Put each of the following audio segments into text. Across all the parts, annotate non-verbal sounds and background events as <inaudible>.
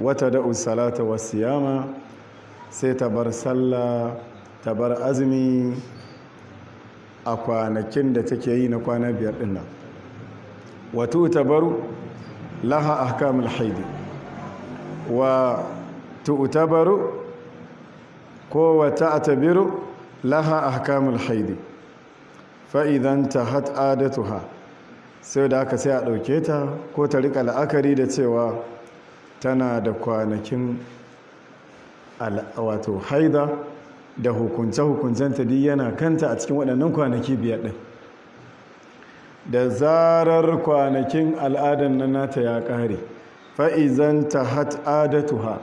wata da salata wasu yama sai ta bar sallah ta bar azumi a kwanakin da take yi na kwana biyar dinnan wato ta bar laha ahkamul haidi wa tu'tabaru ko wa ta'tabiru laha ahkamul haidi fa idan tahat ha. sai da aka sai a ɗauke ta ko ta rika la'akari da cewa tana da kwanakin wato haida da hukunce hukuncen ta di yana kanta a cikin waɗannan kwanaki biyar ɗin da zarar kwanakin al'adar na nata ya ƙare fa'izan ta hat'adatuha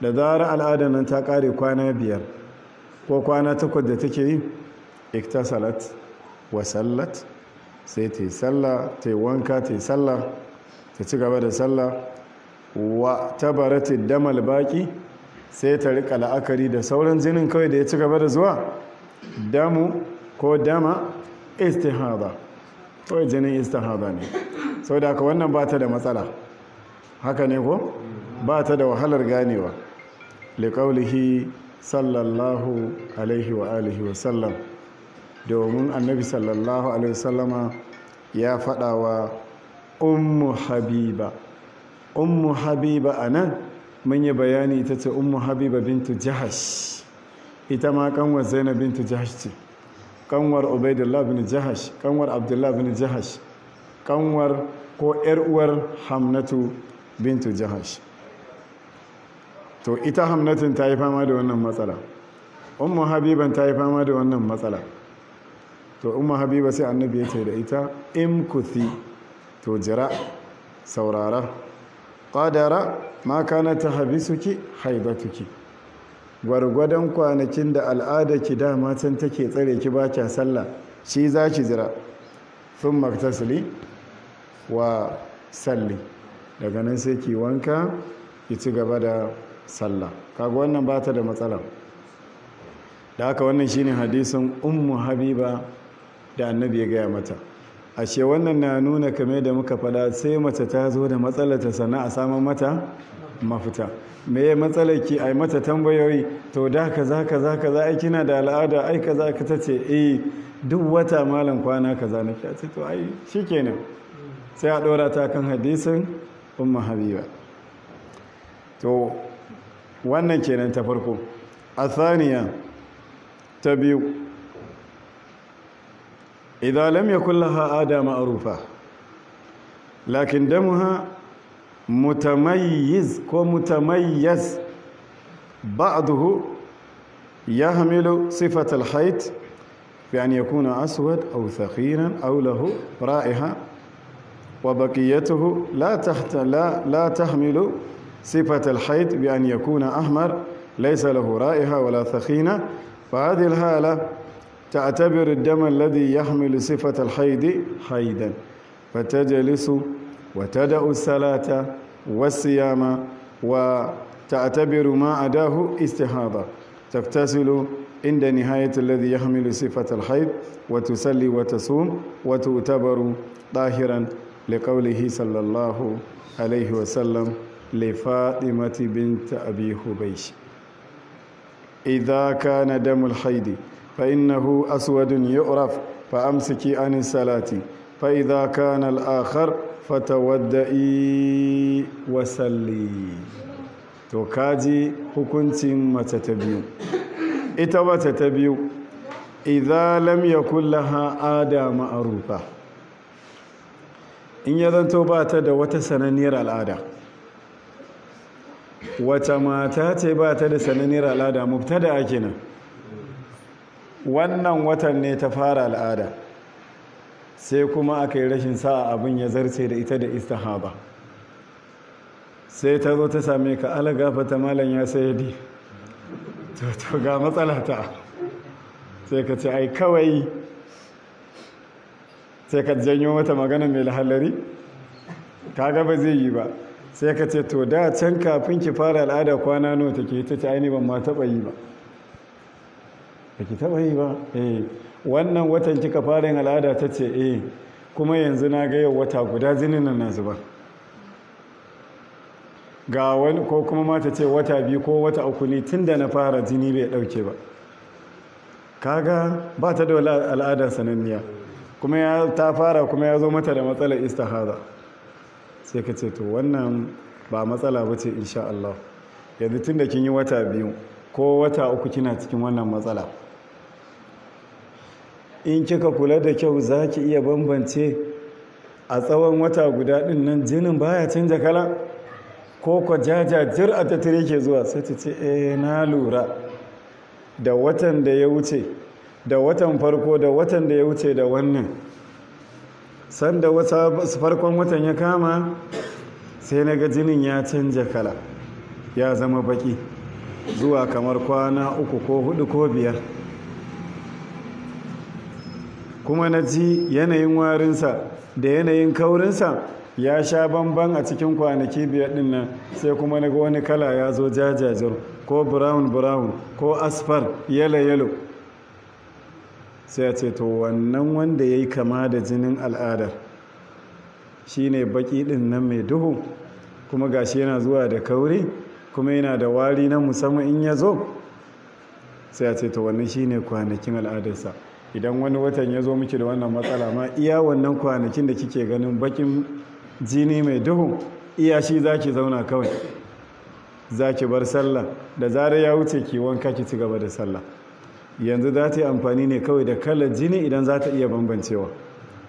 da zarar al'adar nan ta ƙare kwana biyar ko kwana takwas da take yi iktasalat wasallat sai ta yi sallah ta yi wanka ta yi sallah ta ci gaba da sallah wa tabarati damal baki sai ta rika la'akari da sauran jinin kawai da ya ci gaba da zuwa damu ko dama istihada kawai jinin istihada ne sau da aka wannan ba ta da matsala haka ne ko ba ta da wahalar ganewa Likaulihi, sallallahu alaihi wa alihi wa sallallahu domin annabi sallallahu alaihi wasallama ya fadawa wa ummu habiba ummu habiba a nan mun yi bayani ita ce ummu habiba bintu jahash ita ma kanwar zainab bintu jahash ce kanwar ubaidullah bin jahash kanwar abdullah bin jahash kanwar ko yar uwar hamnatu bintu jahash to ita hamnatin ta yi fama da wannan matsala ummu habiban ta yi fama da wannan matsala to umma habiba sai annabi ya ce da ita imkuthi to jira saurara qadara ma kana tahbisuki haibatuki gwargwadon kwanakin da al'ada ki dama can take tsare ki ba a sallah shi za ki jira sun maktasili wa salli daga nan sai ki wanka ki ci gaba da sallah kaga wannan ba ta da matsala da haka wannan shine hadisin ummu habiba da annabi ya gaya mata ashe wannan na nuna kame da muka faɗa sai mace ta zo da matsalar ta sana a saman mata mafita me ya matsalar ki ai mata tambayoyi to da ka za ka za ai kina da al'ada ai ka za ka tace eh duk wata malam kwana ka za na a ce to ai shikenan sai a dora ta kan hadisin umma habiba to wannan kenan ta farko a saniya ta biyu إذا لم يكن لها آدى معروفة لكن دمها متميز ومتميز بعضه يحمل صفة الحيط بأن يكون أسود أو ثخينا أو له رائحة وبقيته لا تحت لا لا تحمل صفة الحيط بأن يكون أحمر ليس له رائحة ولا ثخينة فهذه الحالة تعتبر الدم الذي يحمل صفة الحيض حيدا فتجلس وتدأ الصلاة والصيام وتعتبر ما عداه استحاضة تغتسل عند نهاية الذي يحمل صفة الحيض وتصلي وتصوم وتعتبر طاهرا لقوله صلى الله عليه وسلم لفاطمة بنت أبي حبيش إذا كان دم الحيض فإنه أسود يعرف فأمسكي عن الصلاة فإذا كان الآخر فتودئي وسلي to kaji hukuncin mace ta biyu ita mace ta biyu idan ya yakul laha ada ma'rufa in ya zanto ba ta da wata sananniyar al'ada wata mata ce ba ta da sananniyar al'ada mubtada kenan wannan watan ne ta fara al'ada sai kuma aka yi rashin sa'a abin ya zarce da ita da istihaba sai ta zo ta same ka alaga fata malam ya sayadi to ga matsala ta sai ka ce ai kawai sai ka janyo mata magana mai lahallari ka gaba zai yi ba sai ka ce to da can kafin ki fara al'ada kwana nawa take ta ce ainihin ban ma taɓa yi ba baki taba yi ba eh wannan watan kika fara yin al'ada ta ce eh kuma yanzu na ga yau wata guda zinin nan na zuba ga wani ko kuma ma ta ce wata biyu ko wata uku ne tun da na fara jini bai ɗauke ba kaga ba ta da al'adar sananniya kuma ya ta fara kuma ya zo mata da matsalar istihada sai ka ce to wannan ba matsala ba ce insha Allah yanzu tun da kin yi wata biyu ko wata uku kina cikin wannan matsala in kika kula da kyau za ki iya bambance a tsawon wata guda ɗin nan jinin baya canja kala ko kwa jajajir a tattare ke zuwa sai ta ce eh na lura da watan da ya wuce da watan farko da watan da ya wuce da wannan sanda wata farkon watan ya kama sai na ga jinin ya canja kala ya zama baki zuwa kamar kwana uku ko hudu ko biyar kuma na ji yanayin warinsa da yanayin kaurinsa ya sha bamban a cikin kwanaki biyar din nan sai kuma na ga wani kala ya zo jajajar ko brown brown ko asfar yalo yalo sai a ce to wannan wanda ya yi kama da jinin al'adar Shi ne baki din nan mai duhu kuma gashi yana zuwa da kauri kuma yana da wari na musamman in ya zo sai a ce to wannan shi ne kwanakin al'adarsa idan wani watan ya zo miki da wannan matsala ma iya wannan kwanakin da kike ganin bakin jini mai duhu iya shi za ki zauna kawai za ki bar sallah da zarar ya wuce ki wanka ki ci gaba da sallah yanzu za ta yi amfani ne kawai da kalar jini idan za ta iya bambancewa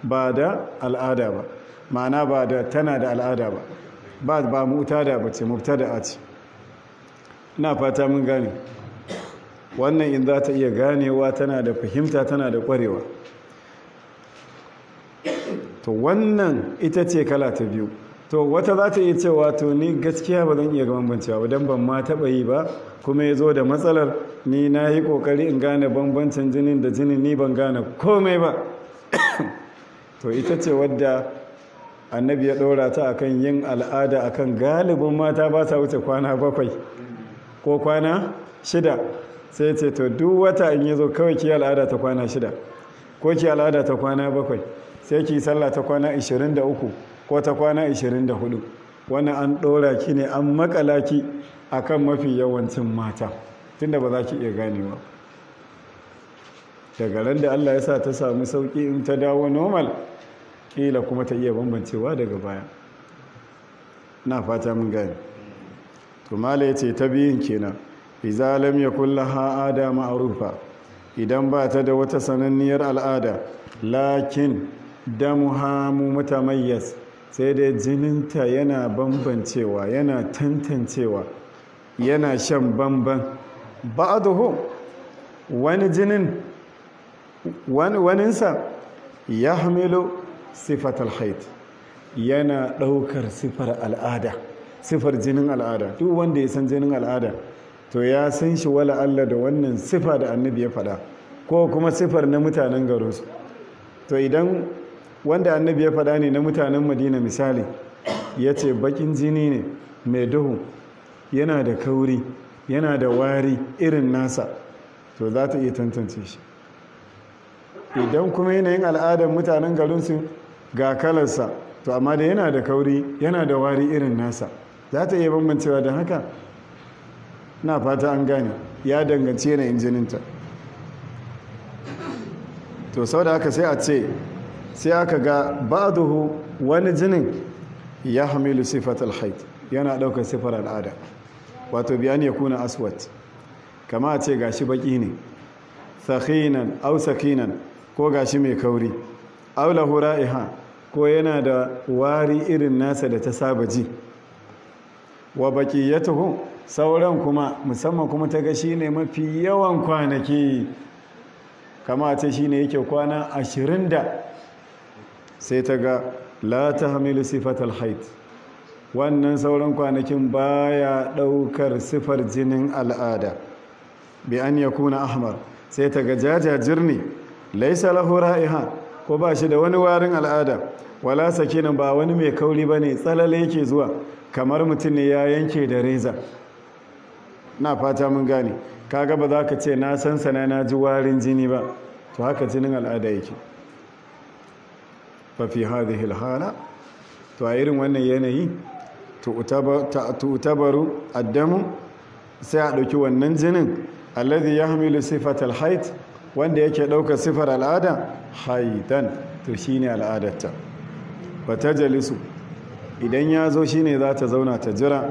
ba da al'ada ba ma'ana ba da tana da al'ada ba ba ba da ba ce da a ce ina fata mun gane wannan in za ta iya ganewa tana da fahimta tana da kwarewa to wannan ita ce kala ta biyu to wata za ta iya cewa to ni gaskiya ba zan iya bambancewa ba don ban ma taɓa yi ba kuma ya zo da matsalar ni na yi ƙoƙari in gane bambancin jinin da jinin ni ban gane komai ba <coughs> to ita ce wadda annabi ya ɗora ta akan yin al'ada akan galibin mata ba sa wuce kwana bakwai ko kwana shida sai ce to duk wata in zo kawai ki al'ada ta kwana shida ko ki al'ada ta kwana bakwai sai ki sallah ta kwana 23 ko ta kwana 24 wani an ɗora ki ne an makala ki a kan mafi yawancin mata tun da ba za ki iya ganewa daga ran da Allah ya sa ta sami sauki in ta dawo normal kila kuma ta iya bambancewa daga baya na fata mun gane to ya ce ta biyun kenan iza lam yakul laha ada ma'rufa idan ba ta da wata sananniyar al'ada lakin damuha mutamayyaz sai dai jininta yana bambancewa yana tantancewa yana shan bamban ba'dahu wani jinin waninsa ya hamilu sifat haid yana ɗaukar sifar al'ada sifar jinin al'ada duk wanda ya san jinin al'ada to ya san shi wala Allah da wannan sifa da annabi ya faɗa ko kuma sifar na mutanen garinsu to idan wanda annabi ya faɗa ne na mutanen madina misali ya ce bakin jini ne mai duhu yana da kauri yana da wari irin nasa to za ta iya tantance shi idan kuma yanayin al'adar mutanen garinsu ga kalarsa to amma da yana da kauri yana da wari irin nasa za ta iya bambancewa don haka na fata an gane ya danganci yana injininta. to sau da aka sai a ce sai aka ga ba'aduhu wani jinin ya hamilu sifat alhaid yana ɗaukar sifar al'ada wato biyan ya kuna aswat kama a ce gashi baki ne sakinan au sakinan ko gashi mai kauri au lahura iha ko yana da wari irin nasa da ta saba ji wa baki ya taho sauran kuma musamman kuma ta ga shi ne mafi yawan kwanaki Kamata ta shi ne yake kwana ashirin da sai ta ga la hamilu sifatal haid wannan sauran kwanakin baya daukar sifar jinin al'ada bi an ya kuna ahmar sai ta ga jajajir ne laisa lahura ra'iha ko ba shi da wani warin al'ada wala sakinin ba wani mai kauri ba ne tsalale yake zuwa kamar mutum ne ya yanke da reza na fata mun gane kaga ba za ka ce na san sana na ji warin jini ba to haka jinin al'ada yake ba fi hadhihi hala to a irin wannan yanayi to utabaru addamu sai a ɗauki wannan jinin alladhi yahmilu sifat al wanda yake ɗauka sifar al'ada haidan to shine al'adarta ta tajlisu idan ya zo shine za ta zauna ta jira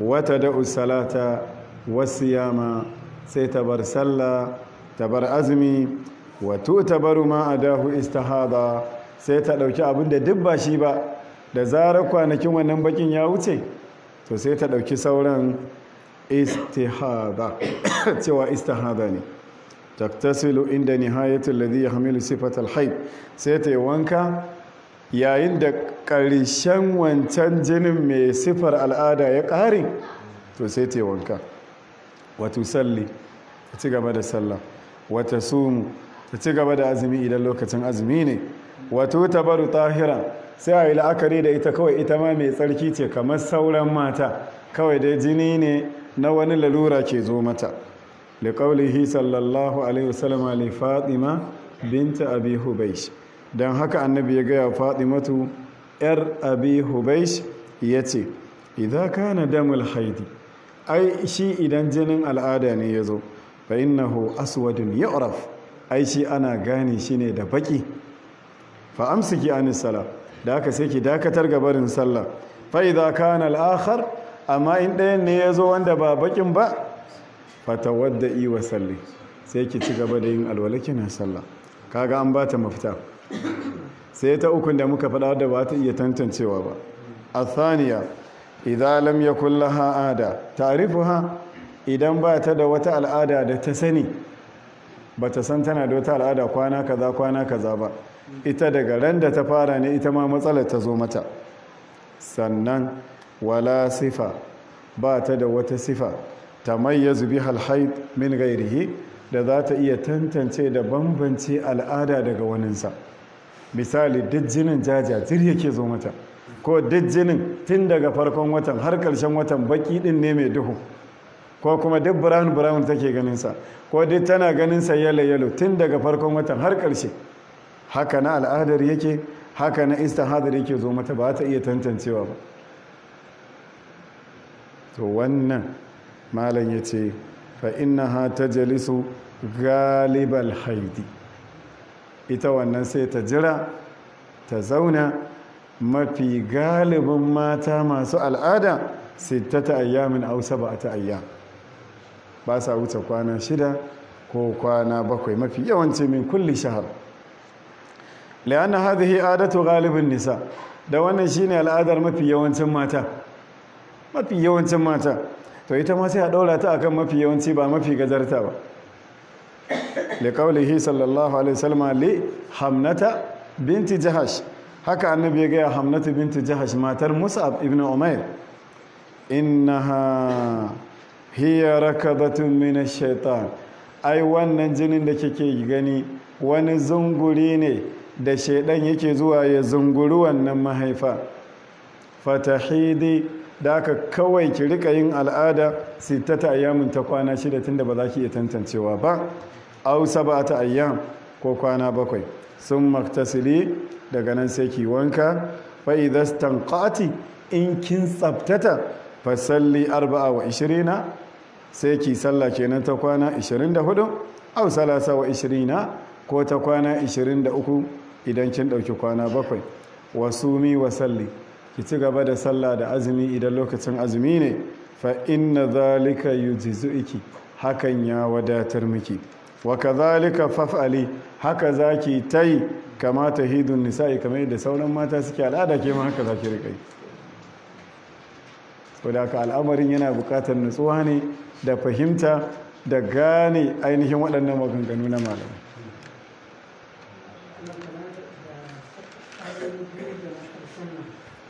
wata da'u salata wasu sai ta bar sallah ta bar azumi wato ta baru ma a dahu istahada sai ta ɗauki abin da duk ba shi ba da zarar kwanakin wannan bakin ya wuce to sai ta ɗauki sauran istihada cewa istihada ne taktasilu inda nihayatul ladhi yahmilu sifatal hayd sai ta yi wanka yayin da ƙarshen wancan jinin mai sifar al'ada ya ƙare to sai ta yi wanka wata Salli, ta ci gaba da sallah wata sumu ta ci gaba da azumi idan lokacin azumi ne ta baru tahira sai a yi la'akari da ita kawai ita ma mai tsarki ce kamar sauran mata kawai dai jini ne na wani lalura ke zo mata liƙaulihi sallallahu alaihi wasallama li fatima binta abi hubaish don haka annabi ya gaya fatimatu yar abi hubaish ya ce idan kana damul haidi ai shi idan jinin al'ada ne ya zo fa innahu aswadun yu'raf ai shi ana gane shi ne da baki fa amsiki anis sala da haka sai ki dakatar ga barin sallah fa idza kana amma in ɗayan ne ya zo wanda ba bakin ba fa tawadda'i wa salli sai ki ci gaba da yin alwalakin kina sallah kaga an bata mafita sai ta ukun da muka faɗa da ba ta iya tantancewa ba athaniya idza lam yakul laha ada ta'rifuha idan ba ta da wata al'ada da ta sani ba ta san tana da wata al'ada kwana kaza kwana kaza ba ita daga ran da ta fara ne ita ma matsalar ta zo mata sannan wala sifa ba ta da wata sifa tamayyazu biha zubi hayd min ghairihi da za ta iya tantance da bambance al'ada daga waninsa misali duk jinin jaja jir yake zo mata ko duk jinin tun daga farkon watan har ƙarshen watan baki ɗin ne mai duhu ko kuma duk brown brown take ganinsa ko duk tana ganinsa yalo yalo tun daga farkon watan har ƙarshe haka na al'adar yake haka na hadar yake zo mata ba ta iya tantancewa ba to wannan malam ya ce fa ta Jalisu galibal haidi ita wannan sai ta jira ta zauna mafi galibin mata masu al'ada sittata ayyamin aw sab'ata ayyam ba sa wuce kwana shida ko kwana bakwai mafi yawanci min kulli shahar la'anna hadhihi adatu ghalibin nisa da wannan shine al'adar mafi yawancin mata mafi yawancin mata to ita ma sai a daura ta akan mafi yawanci ba mafi gajarta ba li qawlihi sallallahu alaihi wasallam li hamnata binti jahash haka annabi ya gaya hamnatu bintu jahash matar mus'ab ibn umair innaha hiya rakabatun min ash-shaytan ai wannan jinin da kike gani wani zunguri ne da shaidan yake zuwa ya zunguri wannan mahaifa fatahidi da aka kawai ki rika yin al'ada sittata ayyamin ta kwana shida tunda ba za ki iya tantancewa ba au sab'ata ayyam ko kwana bakwai sun maktasili daga nan sai ki wanka fa idza in kin tsaftata fa salli 24 sai ki salla kenan ta kwana 24 aw salasa wa 20 ko ta kwana 23 idan kin dauki kwana bakwai wasumi sumi wa salli ki ci gaba da sallah da azumi idan lokacin azumi ne fa inna zalika yujzi'uki hakan ya wadatar miki wa kazalika faf'ali haka zaki tai kamata hidun nisa'i kamar yadda sauran mata suke al'ada ke ma haka zaki rikai saboda al'amarin yana bukatar nutsuwa ne da fahimta da gane ainihin waɗannan maganganu na malamai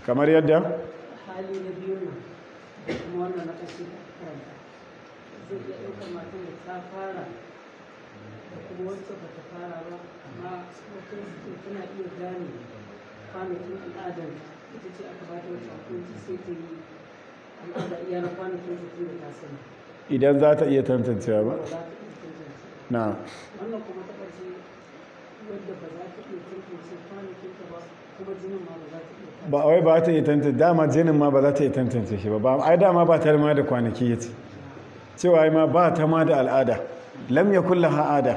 kamar yadda ta fara kuma wacce ba ta fara ba amma idan za ta iya tantancewa ba na ba za ta iya tantance ma ba za wai ba ta iya tantance dama jinin ma ba za ta iya tantance shi ba ba ai dama ba ta rima da kwanaki ce cewa ma ba ta ma da al'ada lam ya laha ada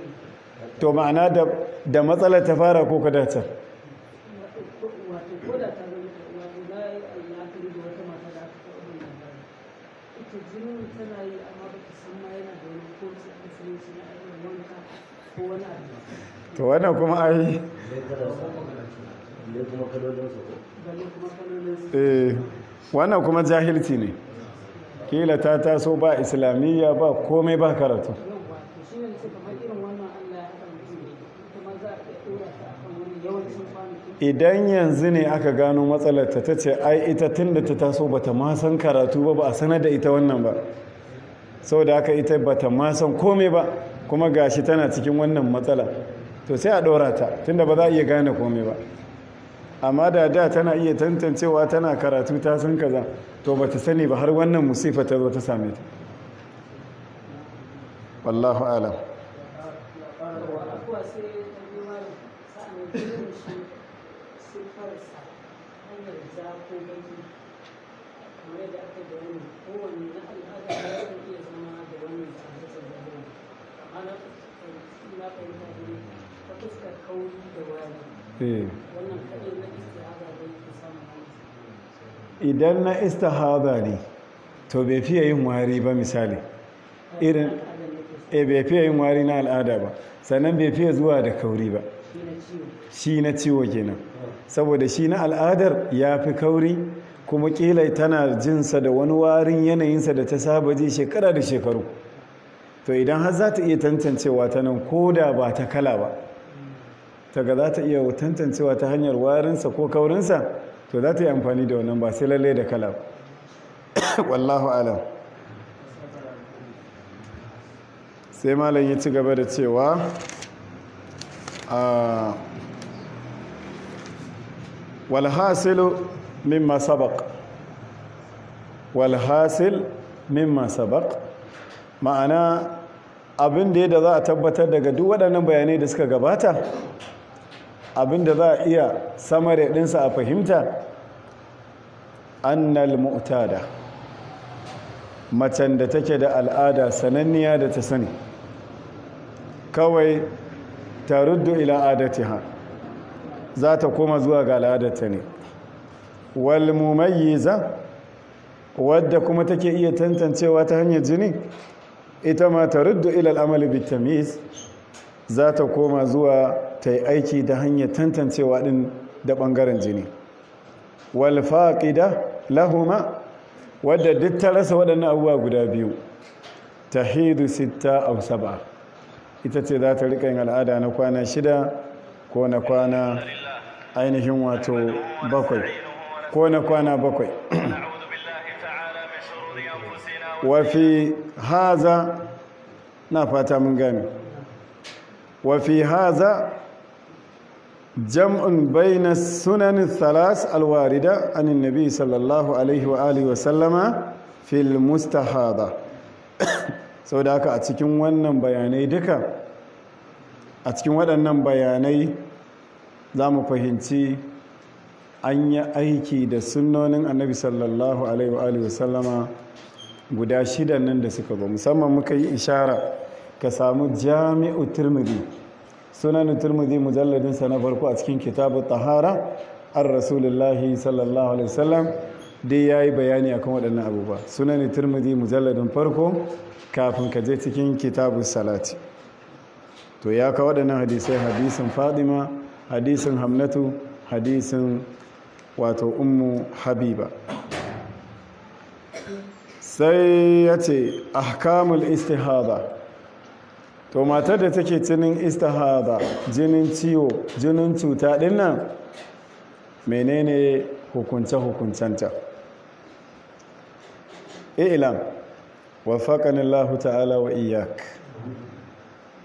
to ma'ana da matsalar ta fara ko kadata to wannan kuma ai eh, wannan kuma jahilci ne kila ta taso ba islamiyya ba komai ba karatu idan yanzu ne aka gano matsalarta ta ce ai ita tun da ta taso bata ma san karatu ba ba a sanar da ita wannan ba sau da aka ita bata ma san komai ba kuma gashi tana cikin wannan matsala to sai a ɗora ta tunda ba za a iya gane komai ba amma da da tana iya tantancewa tana karatu ta san kaza to ba ta sani ba har wannan musifa ta zo ta same ta wallahu alam Eh. idan na istihada ne to bai fiye yin wari ba misali irin e bai fiye yin wari na al'ada ba sannan bai fiye zuwa da kauri ba shi na ciwo kenan ah. saboda shi na al'adar ya fi kauri kuma kila tana jinsa da wani warin yanayinsa da ta saba ji shekara da shekaru to idan har za ta iya tantancewa ta nan ko da ba ta kala ba taga za ta iya tantancewa ta hanyar warinsa ko kaurinsa to za ta yi amfani da wannan ba sai lalle da kala <coughs> wallahu alam sai malam ya ci gaba da cewa a walhasilu mimma sabaq walhasil mimma sabaq ma'ana abin da ya da za a tabbatar daga duk waɗannan bayanai da suka gabata abinda za a iya samare ɗinsa a fahimta annal mu'tada macen da take da al'ada sananniya da ta sani kawai ta ruddu ila adatiha za ta koma zuwa ga al'adata ne wal wadda kuma take iya tantancewa ta hanyar jini ita ma ta ruddu ila al'amali bitamis za ta koma zuwa ta yi aiki da hanyar tantancewa din da ɓangaren jini walfaƙida lahuma wadda duk ta rasa waɗannan abubuwa guda biyu ta hidu sita a saba ita ce za ta riƙa yin al'ada na kwana shida ko na kwana ainihin wato bakwai ko na kwana bakwai <clears throat> wafi haza na fata mun gami wafi haza جمع بين السنن الثلاث الواردة عن sallallahu alaihi الله عليه wa sallama fil المستحاضة sau da haka a cikin wannan bayanai duka a cikin waɗannan bayanai za mu fahimci an yi aiki da sunnonin annabi sallallahu alaihi wa sallama guda shidan nan da suka zo musamman muka yi ishara ka samu jami'u turmidi sunan turmudi mujalladin sa na farko a cikin kitabu tahara an rasulullahi sallallahu alaihi wasallam dai ya yi bayani akan waɗannan abubuwa sunan turmudi mujalladin farko kafin ka je cikin kitabu salati to ya ka waɗannan hadisai hadisin fadima hadisin hamnatu hadisin wato ummu habiba sai ya ce ahkamul Istihaba. to matar da take jinin istihada jinin ciwo jinin cuta din nan menene hukunce-hukuncenta ilam wafaƙanin lahu ta'ala wa iyyak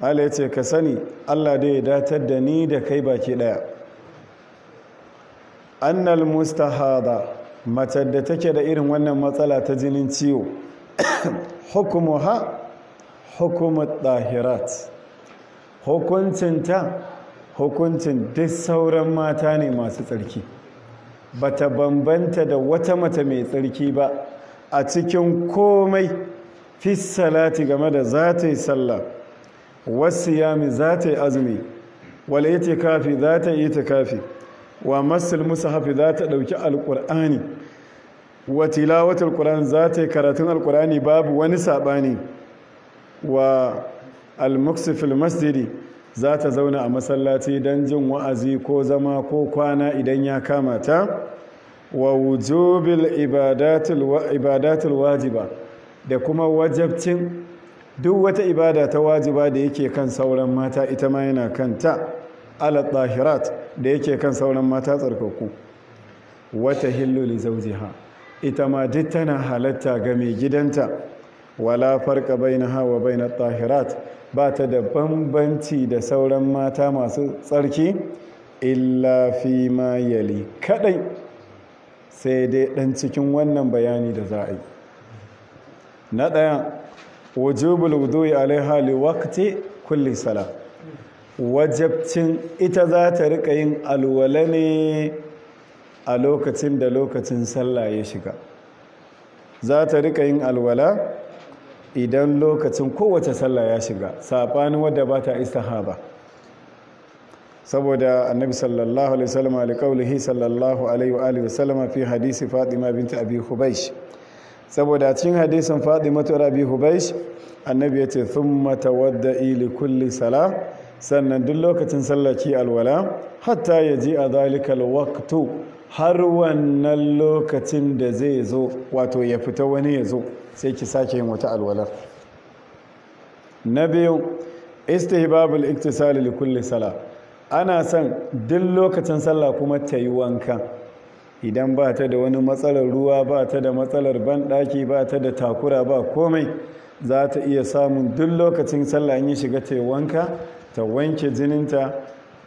ala ya ka sani allah da ya datar da ni da kai baki ɗaya annal mustahada matar da take da irin wannan matsala ta jinin ciwo <coughs> hukumuha hukumar ɗahirat ta hukuncin duk sauran mata ne masu tsarki ba ta bambanta da wata mata mai tsarki ba a cikin komai fisalati game da za ta yi sallah wasu yami za ta yi azumi wale ita kafi za ta yi ta kafi wa masul musu hafi za ta ɗauki alƙur'ani wa tilawatul ƙur'an za ta yi karatun alkur'ani babu wani saɓani wa almuksifil masjidi za ta zauna a masallaci don jin wa'azi ko zama ko kwana idan ya kama ta wa wujubil ibadatul wajiba da kuma wajabcin duk wata ibada ta wajiba da yake kan sauran mata ita ma yana kanta ala tahirat da yake kan sauran mata tsarkaku wata hillu li ha ita ma duk tana halatta ga mai gidanta wala farka hawa bai na tahirat ba ta da bambanci da sauran mata masu tsarki illa fi ma yali kadai sai dai dan cikin wannan bayani da za a yi na daya wujubul wudu'i alaiha li waqti kulli sala wajabcin ita za ta rika yin alwala ne a lokacin da lokacin sallah ya shiga za ta rika yin alwala idan lokacin kowace sallah ya shiga saɓanin wadda ba ta istihaba saboda annabi sallallahu alaihi wasallam alƙaulihi sallallahu alaihi wasallam fi hadisi fatima binti abi hubaysh saboda cikin hadisin fatima to abi hubaysh annabi yace thumma tawadda li kulli sala sannan duk lokacin sallah ki alwala hatta yaji a zalikal waqtu har wannan lokacin da zai zo wato ya fita wani ya zo sai ki sake yin wata alwalar na biyu istihbabul iktisali li kulli sala ana son duk lokacin sallah kuma ta yi wanka idan ba ta da wani matsalar ruwa ba ta da matsalar banɗaki ba ta da takura ba komai za ta iya samun duk lokacin sallah yi shiga ta wanka ta wanke jininta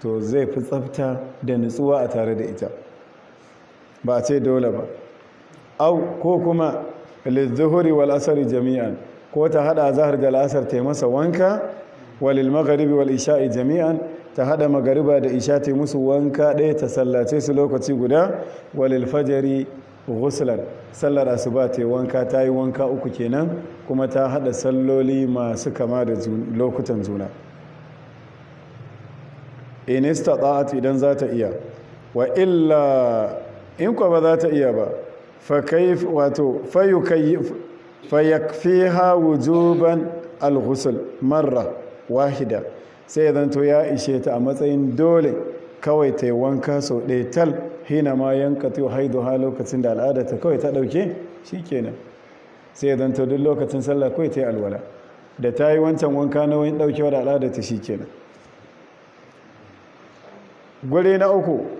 to zai fi tsafta da nutsuwa a tare da ita ba ce dole ba au ko kuma lizuhuri wal asari jami'an ko ta hada zahar da la'asar ta masa wanka walil magharibi wal isha'i jami'an ta hada magariba da isha ta musu wanka ɗaya ta sallace su lokaci guda walil fajari ghuslan sallar asuba ta wanka ta yi wanka uku kenan kuma ta hada salloli masu kama da lokutan juna in istata'at idan zata iya wa illa in kwa ba za ta iya ba ha wujuban alhusul marra wahida sai ya zanto ya ishe ta a matsayin dole kawai ta yi wanka sau ɗaya tal hina ma yanka ta haidu ha lokacin da al'ada ta kawai ta ɗauke shi kenan sai ya zanto duk lokacin sallah kawai ta yi alwala da ta yi wancan wanka na wani wa da al'ada ta shi kenan guri na uku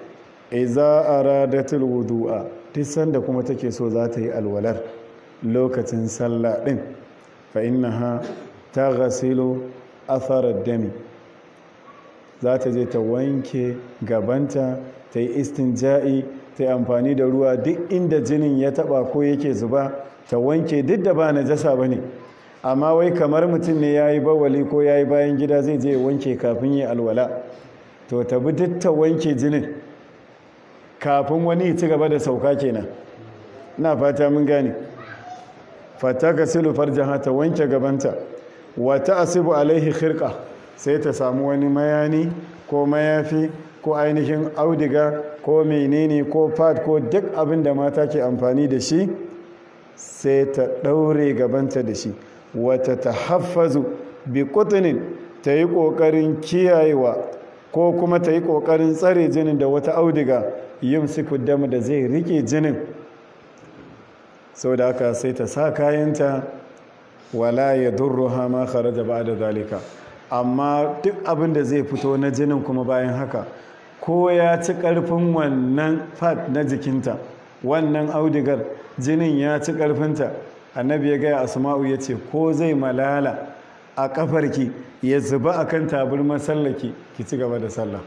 iza aradatul wudu'a duk sanda kuma take so za ta yi alwalar lokacin sallah din fa ta taghsilu athar ad-dami za ta je ta wanke gabanta ta yi istinja'i ta yi amfani da ruwa duk inda jinin ya taba ko yake zuba ta wanke duk da ba najasa bane amma wai kamar mutum ne yayi bawali ko yayi bayan gida zai je wanke kafin yi alwala to ta bi duk ta wanke jinin kafin wani ci gaba da sauka kenan ina fata mun gane fataka silu farjaha ta wanke gabanta wata asibu alaihi khirqa sai ta samu wani mayani ko mayafi ko ainihin audiga ko menene ko fat ko duk abin da mata ke amfani da shi sai ta daure gabanta da shi wata tahaffazu bi qutnin ta yi kokarin kiyayewa ko kuma ta yi kokarin tsare jinin da wata audiga yumsiku damu da zai rike jinin sau da aka sai ta sa kayanta wala ya kare da ba da zalika amma duk abin da zai fito na jinin kuma bayan haka ko ya ci karfin wannan fat na jikinta wannan audigar jinin ya ci karfinta annabi ya gaya asma'u ya ce ko zai malala a kafarki ya zuba akan tabar masallaki ki ci gaba da sallah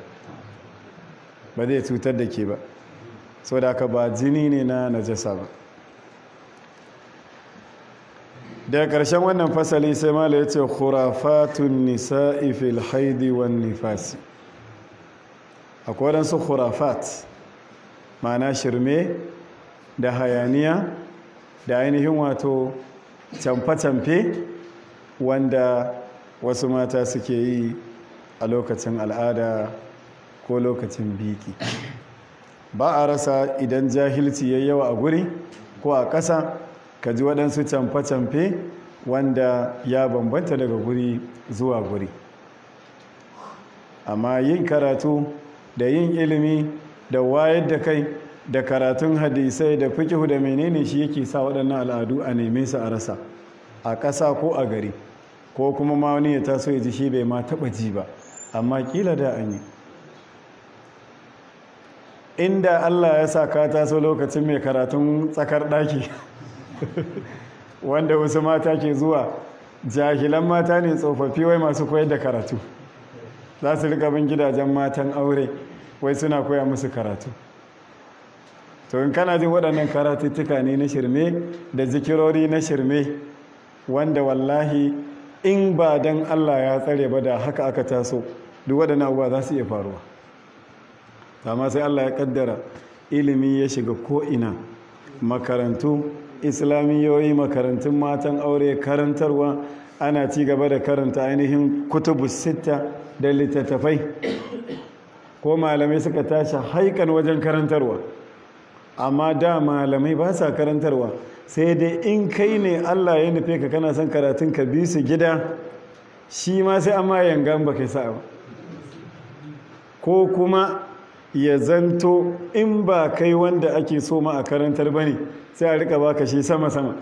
ba zai cutar da ke ba sau da aka ba jini ne na najasa ba daga ƙarshen wannan fasali sai mala ya ce khurafatun nisa ifil haidi wan nifasi akwai waɗansu khurafat mana shirme da hayaniya da ainihin wato camfe-camfe wanda wasu mata suke yi a lokacin al'ada ko lokacin biki ba a rasa idan jahilci ya yawa a guri ko a ƙasa ka ji waɗansu camfe-camfe wanda ya bambanta daga guri zuwa guri amma yin karatu da yin ilimi da wayar da kai da karatun hadisai da fikihu da menene shi yake sa waɗannan al'adu a neme su a rasa a ƙasa ko a gari ko kuma ma wani ya taso ya ji shi bai ma taɓa ji ba amma kila da an yi inda Allah ya sa ka taso lokacin mai karatun tsakar ɗaki <laughs> wanda wasu mata ke zuwa jahilan mata ne tsofaffi wai masu koyar da karatu za su rika bin gidajen matan aure wai suna koya musu karatu to in kana jin waɗannan karatuttuka ne na shirme da zikirori na shirme wanda wallahi in ba don Allah ya tsare ba da haka aka taso duk waɗannan abuwa za su iya faruwa amma sai Allah ya kaddara ilimi ya shiga ko'ina makarantu islamiyoyi makarantun matan aure karantarwa ana ci gaba da karanta ainihin kutubu sita da littattafai ko malamai suka tashi haikan wajen karantarwa amma da malamai ba sa karantarwa sai dai in kai ne allah ya nufe ka kana son karatun ka bi su gida shi ma sai amma yanga ba kai sa ba ko kuma ya zanto in ba kai wanda ake so ma a karantar ba ne sai a rika baka shi sama-sama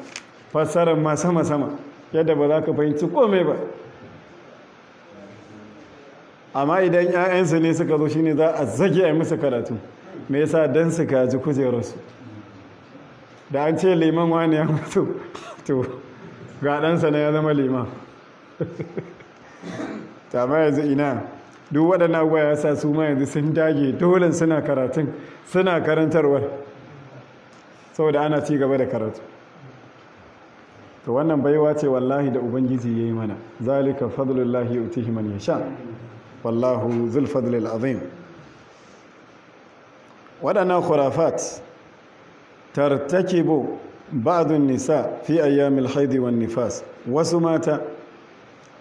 fassarar ma sama-sama yadda ba za ka fahimci komai ba amma idan 'ya'yansu ne suka zo shine za a zage a musu karatu me yasa dan su kaji kujerarsu da an ce liman wani ya mutu to ga ɗansa na ya zama liman <laughs> ta ma yanzu ina duk waɗannan abubuwa ya sa su ma yanzu sun dage dole suna karatun suna karantarwar saboda ana ci gaba da karatu to wannan baiwa ce wallahi da ubangiji ya yi mana zalika fadlullahi yu'tihi man yasha wallahu zul fadlil azim waɗannan khurafat tartakibu ba'dun nisa fi ayyamil haidi wan nifas wasu mata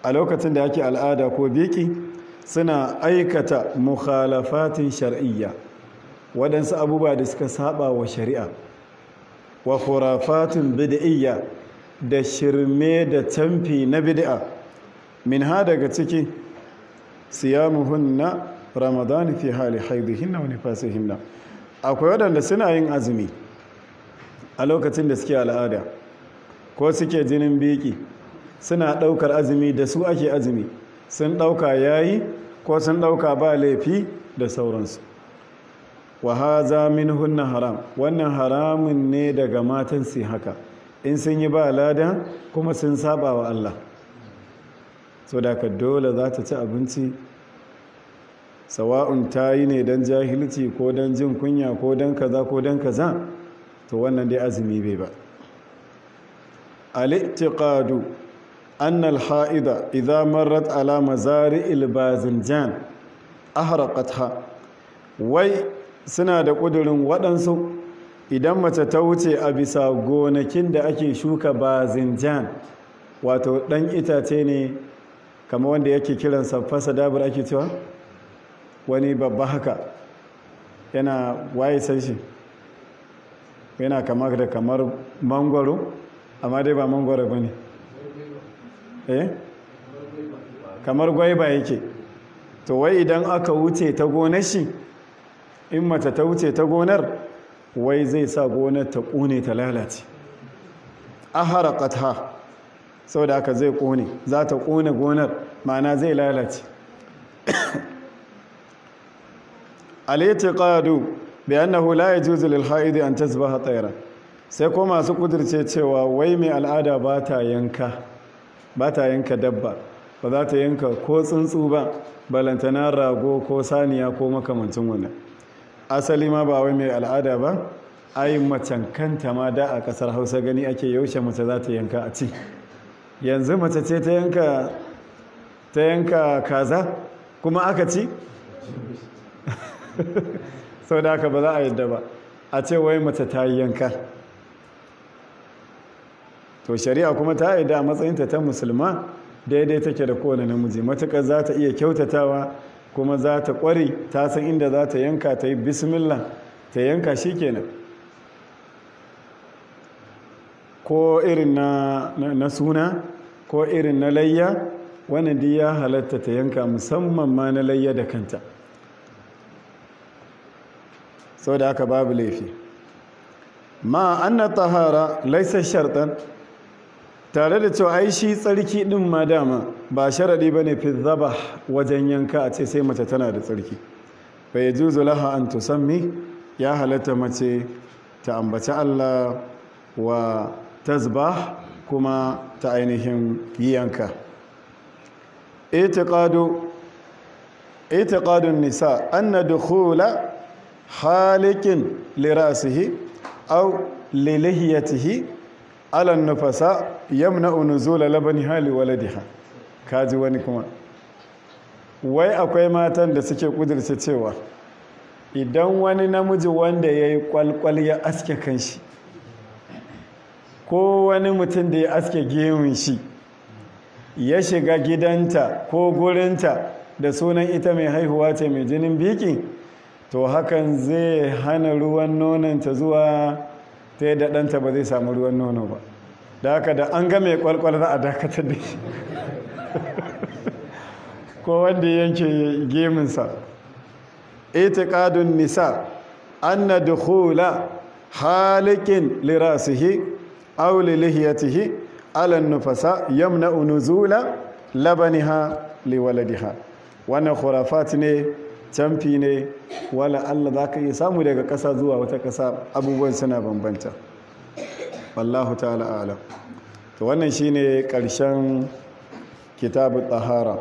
a lokacin da ake al'ada ko biki suna aikata mukhalafatin shar'iyya waɗansu abubuwa da suka saba wa shari'a wa khurafatin bid'iyya da shirme da tamfi na bid'a min ha daga ciki siyamuhunna ramadan fi hali haidihinna wa nifasihinna akwai waɗanda suna yin azumi a lokacin da suke al'ada ko suke jinin biki suna ɗaukar azumi da su ake azumi sun ɗauka yayi ko sun ɗauka ba laifi da sauransu wa haza hunna haram wannan haramun ne daga matan su haka in sun yi ba lada kuma sun saba wa Allah so da ka dole za ta ci abinci sawa'un ta yi ne don jahilci ko don jin kunya ko don kaza ko don kaza to wannan dai azumi bai ba al annal ha'ida idza marrat ala mazari'il bazinjan ahraqatha wai suna da kudurin waɗansu idan mace ta wuce a bisa gonakin da ake shuka bazinjan wato ɗan itace ne kama wanda yake kiransa fasa dabar ake cewa wani babba haka yana waye sai yana kamar da kamar mangwaro amma dai ba mangwaro ba ne eh kamar gwaiba yake to wai idan aka wuce ta gonar shi in mata ta wuce ta gonar wai zai sa gonar ta kone ta lalace a harakat ha da aka zai kone za ta kone gonar mana zai lalace <coughs> al-i'tiqadu bi annahu hula ya juzi ha'id an tasbaha hatsaira sai ko masu kudirce cewa wai mai al'ada ba ta yanka ba ta yanka dabba ba za ta yanka ko tsuntsu ba balantana rago ko saniya ko makamancin wani. asali ma ba wai mai al'ada ba ai macen kanta ma da a kasar hausa gani ake yaushe mace za ta yanka a ci yanzu mace ce ta yanka ta yanka kaza kuma aka ci <laughs> sau da aka ba za a yadda ba a ce wai mace ta yanka to shari'a kuma ta yi da matsayinta ta musulma daidai take da kowane namiji matuƙar za ta iya kyautatawa kuma za ta ƙware ta san inda za ta yanka ta yi bismillah ta yanka shi kenan ko irin na suna ko irin na layya wani duk ya halatta ta yanka musamman ma na layya da kanta sau da aka babu laifi ma an na tahara laisar shartan tare da cewa ai shi tsarki din ma dama ba sharadi bane fi zaba wajen yanka a ce sai mace tana da tsarki bai yajuzu laha an tusammi ya halatta mace ta ambaci Allah wa tazbah kuma ta ainihin yanka itiqadu itiqadun nisa anna dukhula halikin lirasihi aw lihiyatihi alan nufasa yamna unuzula labani hali waladiha kaji wani kuma wai akwai matan da suke kudirce cewa idan wani namiji wanda ya yi kwalkwal ya aske kanshi ko wani mutum da ya aske gemun shi ya shiga gidanta ko gurinta da sunan ita mai haihuwa ce mai jinin bikin, to hakan zai hana ruwan nonanta zuwa ta yi ɗanta ba zai samu ruwan nono ba da haka da an ga mai kwalkwal za a dakatar da shi <laughs> ko wanda yanke geminsa itiqadun nisa an anna hula halikin lirasihi aw lihiyatihi alan nufasa yamna unuzula labaniha liwaladiha wannan khurafat ne canfi ne wala Allah za ka iya samu daga ƙasa zuwa wata ƙasa abubuwan suna bambanta wallahu ta'ala ala to wannan shine ƙarshen kitabu tsahara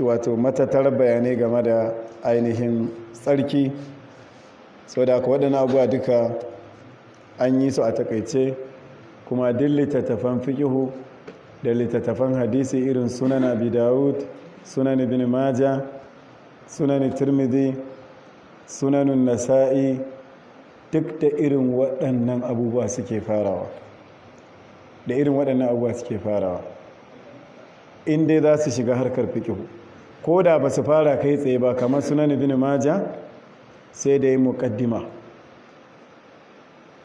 wato matatar bayanai game da ainihin tsarki sau da aka waɗanda abuwa duka an yi su a takaice kuma duk littattafan fikihu da littattafan hadisi irin sunana Bidawud, sunan ibn majah sunan turmidi sunanun nasa'i duk da irin waɗannan abubuwa suke farawa da irin waɗannan abubuwa suke farawa in dai za su shiga harkar fikihu ko da ba su fara kai tsaye ba kamar sunan ibn maja sai da yi muƙaddima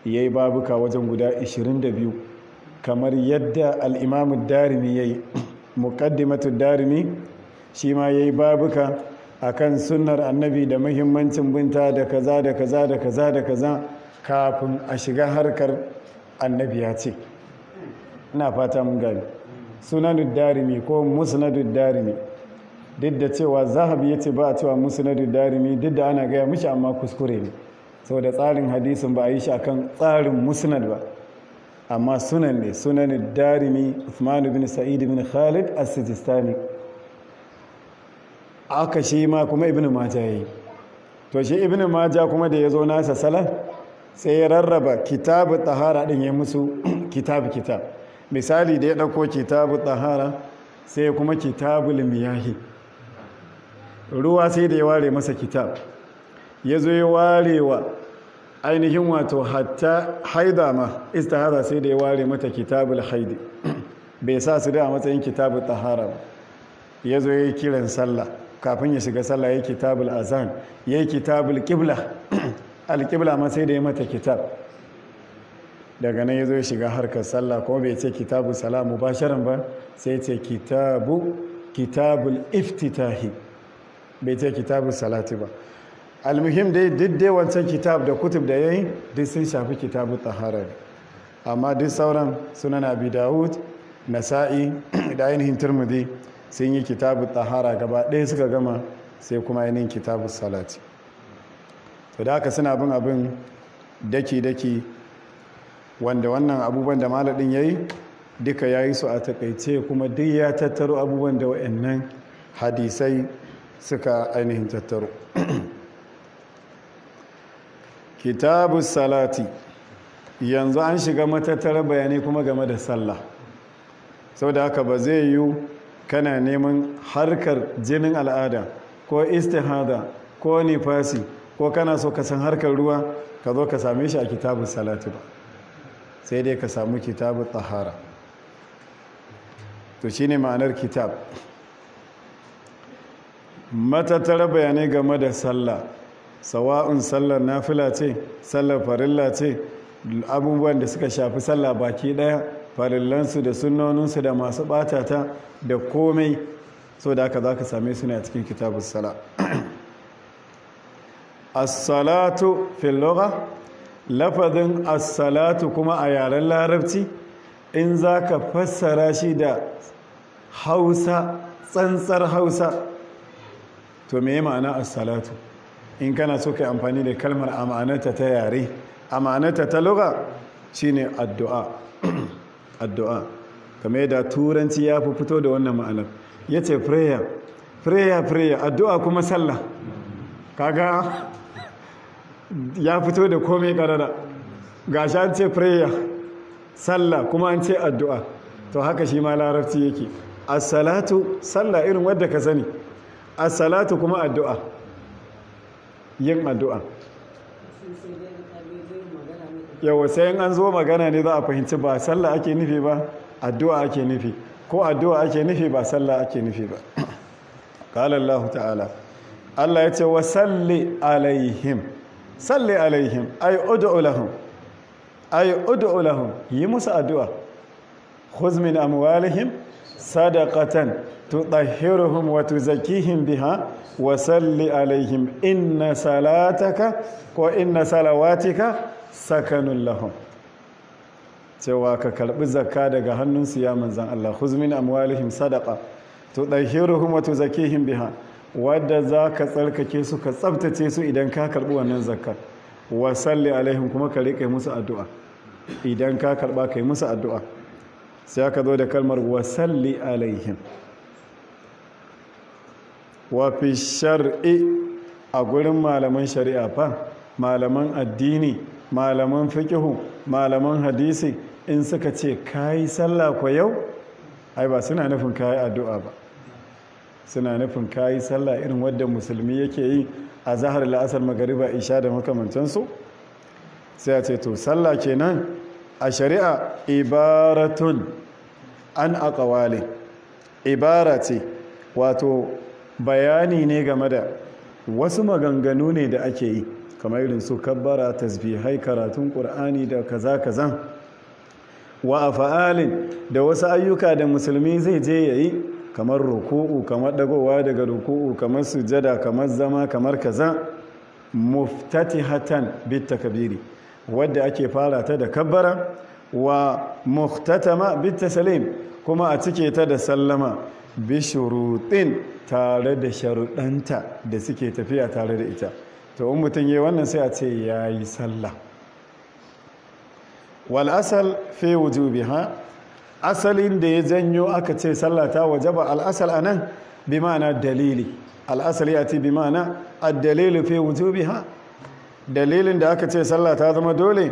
ya yi babuka wajen guda 22 kamar yadda al'imamu darimi ya yi <coughs> muƙaddimatu darimi shi ma ya yi babuka akan sunnar annabi da muhimmancin binta da kaza da kaza da kaza da kaza kafin a shiga harkar annabi ya ce ina fata mun gani sunanud darimi ko musnadud darimi duk da cewa zahabi ya ce ba a cewa musnadud darimi duk da ana gaya mishi amma kuskure ne saboda tsarin hadisin ba a yi shi akan tsarin musnad ba amma sunan ne sunanin darimi Usman bin Sa'id bin Khalid as-Sijistani aka shi ma kuma ibn Mata ya yi to shi ibn mata kuma da ya zo nasa salar sai ya rarraba kitabu tahara din ya musu <clears throat> kitabu kitab misali da ya ɗauko kitabu tahara sai kuma kitabu limiyahi ruwa sai da ya ware masa kitab ya zo ya ware wa ainihin wato hatta haida ma istihara sai da ya ware mata kitabu haidi <clears throat> bai sa su da a matsayin kitabu tahara ba ya zo ya yi kiran sallah kafin ya shiga sallah ya kitabul azan ya kitabul qibla <clears throat> alkibla ma sai da ya mata kitab daga nan ya zo ya shiga harkar sallah kuma bai ce kitabu salamu ba sharan ba sai ce kitabu kitabul iftitahi bai ce kitabu salati ba almuhim dai duk wancan kitab da kutub da yayi duk sun shafi kitabu tahara amma duk sauran sunan abi dawud nasa'i <clears throat> da ainihin turmudi sun yi kitabu tahara gaba ɗaya suka gama sai kuma yanin kitabu salati to da haka suna bin abin daki-daki wanda wannan abubuwan da maladin ya yi duka ya yi su a takaice kuma duk ya tattaro abubuwan da wa'annan hadisai suka ainihin tattaro <clears throat> kitabu salati yanzu an shiga matattara bayanai kuma game da sallah sau da haka ba zai yiwu kana neman harkar jinin al'ada ko istihada ko nifasi ko kana so ka san harkar ruwa ka zo ka same shi a kitabun salatu ba sai dai ka samu kitabun tsahara to shi ne ma'anar kitab matattara bayanai game da sallah sawa'un sallar nafila ce sallar farilla ce abubuwan da suka shafi sallah baki daya farillansu da sunnoninsu da masu ɓata ta da komai so da aka za ka same su ne a cikin kitabun sala <clears throat> assalatu salatu lafazin assalatu kuma a yaren larabci in za ka fassara shi da hausa tsantsar hausa to me ma'ana assalatu in kana so yi amfani da kalmar amanata ta yare amanata ta lugha shine addu'a addu'a kamar yadda turanci ya fi fito da wannan ma'anar ya ce prayer prayer prayer addu'a kuma sallah kaga ya fito da komai karara gashi an ce prayer sallah kuma an ce addu'a to haka shi ma larabci yake as sallah irin wadda ka sani Asalatu kuma addu'a yin addu'a yawa sai an zo magana ne za a fahimci ba sallah ake nufi ba addu'a ake nufi ko addu'a ake nufi ba sallah ake nufi ba <coughs> qala Allah ta'ala Allah ya ce wa salli alaihim salli alaihim ay ud'u lahum ay ud'u lahum yi musu addu'a khuz min amwalihim sadaqatan tutahhiruhum wa tuzakkihim biha wa salli alaihim inna salataka ko inna salawatika sakanun lahum cewa ka karbi zakka daga hannunsu ya manzan Allah huzmin amwalihim sadaqa to dahiruhum wa tuzakihim biha wadda za ka tsarkake su ka tsabtace su idan ka karbi wannan zakkar wa salli alaihim kuma ka rike musu addu'a idan ka karba kai musu addu'a sai aka zo da kalmar wa salli alaihim wa fi shar'i a gurin malaman shari'a fa malaman addini malaman fiƙihu malaman hadisi in suka ce ka yi sallah ko yau ai ba suna nufin ka yi addu'a ba suna nufin ka yi sallah irin wadda musulmi yake yi a zahar la'asar magariba isha da makamancinsu sai a ce to sallah kenan a shari'a ibaratun an akawale ibara ce wato bayani ne game da wasu maganganu ne da ake yi kamar irin su kabbara tasbihai karatun ƙur'ani da kaza kaza wa a fa'alin da wasu ayyuka da musulmi zai je ya yi kamar ruku'u kamar dagowa daga ruku'u kamar sujada kamar zama kamar kaza muftatihatan bitta kabiri wadda ake fara ta da kabbara wa muftatama bitta salim kuma a cike ta da sallama bi tare da sharuɗanta da suke tafiya tare da ita to in mutum yi wannan sai a ce ya yi sallah wal asal fi ha asalin da ya janyo aka ce sallah ta wajaba al asal anan bi ma'ana dalili al asal ya ce bi ma'ana ad fi ha dalilin da aka ce sallah ta zama dole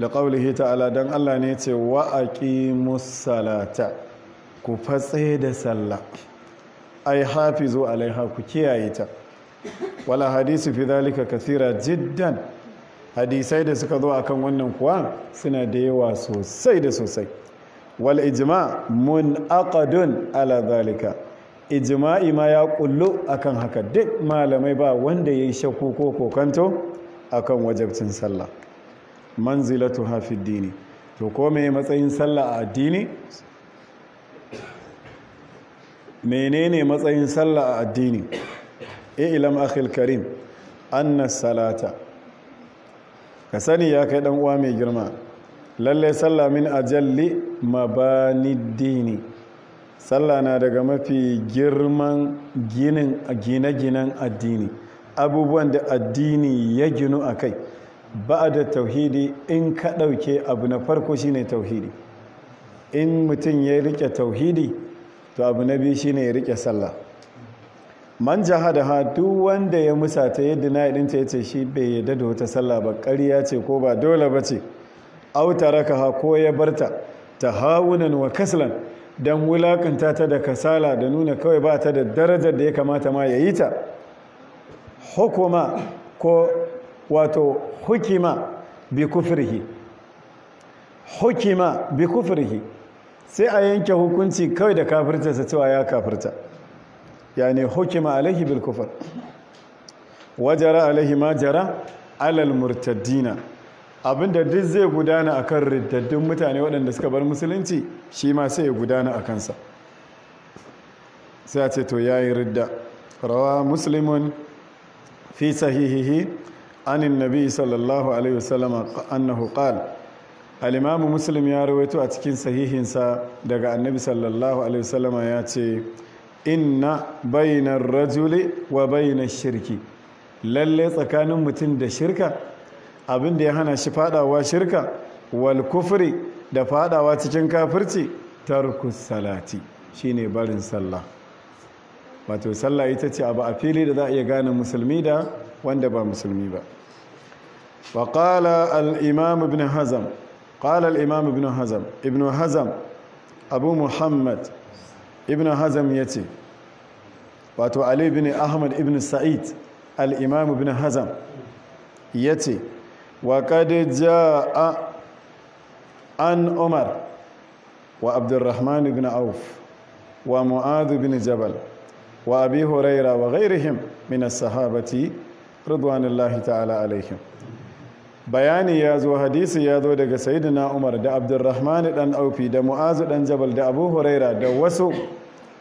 da qaulihi ta'ala dan Allah ne ce wa aqimus salata ku fatsaye da sallah ai hafizu alaiha ku kiyaye ta wala hadisi fi zalika kathira jiddan hadisai da suka zo akan wannan kuwa suna da yawa sosai da sosai wal ijma aqadun ala zalika ijma'i ma ya kullu akan haka duk malamai ba wanda yayi shakku ko kokanto akan wajibcin sallah manzilatu hafi dini to ko me matsayin sallah a addini menene matsayin sallah a addini ilam akhil karim anna salata ka sani ya kai dan uwa mai girma lalle sallah min ajalli dini. sallah na daga mafi girman ginin gine-ginen addini abubuwan da addini ya ginu a kai ba da tauhidi in ka ɗauke abu na farko shine tauhidi in mutum ya rike tauhidi to abu na biyu shine ya rike sallah man da ha duk wanda ya musata yadda na yi ya ce shi bai yadda da wata sallah ba ƙarya ce ko ba dole ba ce au tare ha ko ya barta ta hawunan wa kaslan don wulakanta ta da kasala da nuna kawai ba ta da darajar da ya kamata ma ya yi ta hukuma ko wato hukima bi kufrihi hukima bi sai a yanke hukunci kawai da sa cewa ya kafirta yani hukima alaihi bil kufar wajara alaihi ma jara alal murtaddina abinda duk zai gudana akan riddaddun mutane waɗanda suka bar musulunci shi ma sai ya gudana a kansa sai ce to yayi ridda rawa muslimun fi sahihihi anin nabi sallallahu alaihi wasallama annahu qala al-imamu muslim ya rawaito a cikin sahihinsa daga annabi sallallahu alaihi wasallama ya ce inna bainar rajuli wa bainar shirki lalle tsakanin mutum da shirka abinda ya hana shi fadawa shirka wal kufri da fadawa cikin kafirci tarkus salati shine barin sallah wato sallah ita ce abu a fili da za a iya gane musulmi da wanda ba musulmi ba وقال الإمام ابن حزم قال الإمام Ibn حزم Ibn حزم abu محمد ibn hazam ya ce wato ali ibn ahmad ibn sa'id al-imam ibn hazam ya ce wa kada ja'a an umar wa abdurrahman ibn auf wa mu'adh ibn jabal wa abi huraira wa gairihim min as-sahabati ridwanullahi ta'ala alaihim bayani ya zo hadisi ya zo daga sayidina umar da abdurrahman dan aufi da mu'azu dan jabal da abu huraira da wasu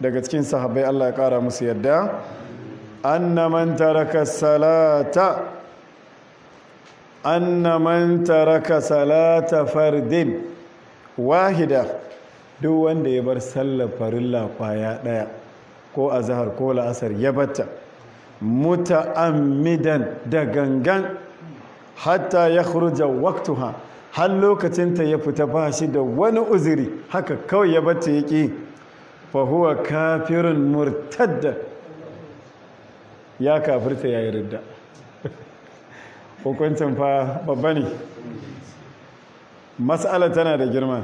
daga cikin sahabbai allah ya kara musu yadda anna man taraka salata anna man taraka salata fardin wahida duk wanda ya bar sallar farilla kwaya daya ko zahar ko la'asar ya batta muta'ammidan da gangan hatta ya waktu ha har lokacinta ya fita ba shi da wani uzuri haka kawai ya bata ya ƙi fahuwa kafirin murtadda ya kafirta yi ridda <laughs> hukuncin fa babba ne matsala tana da girma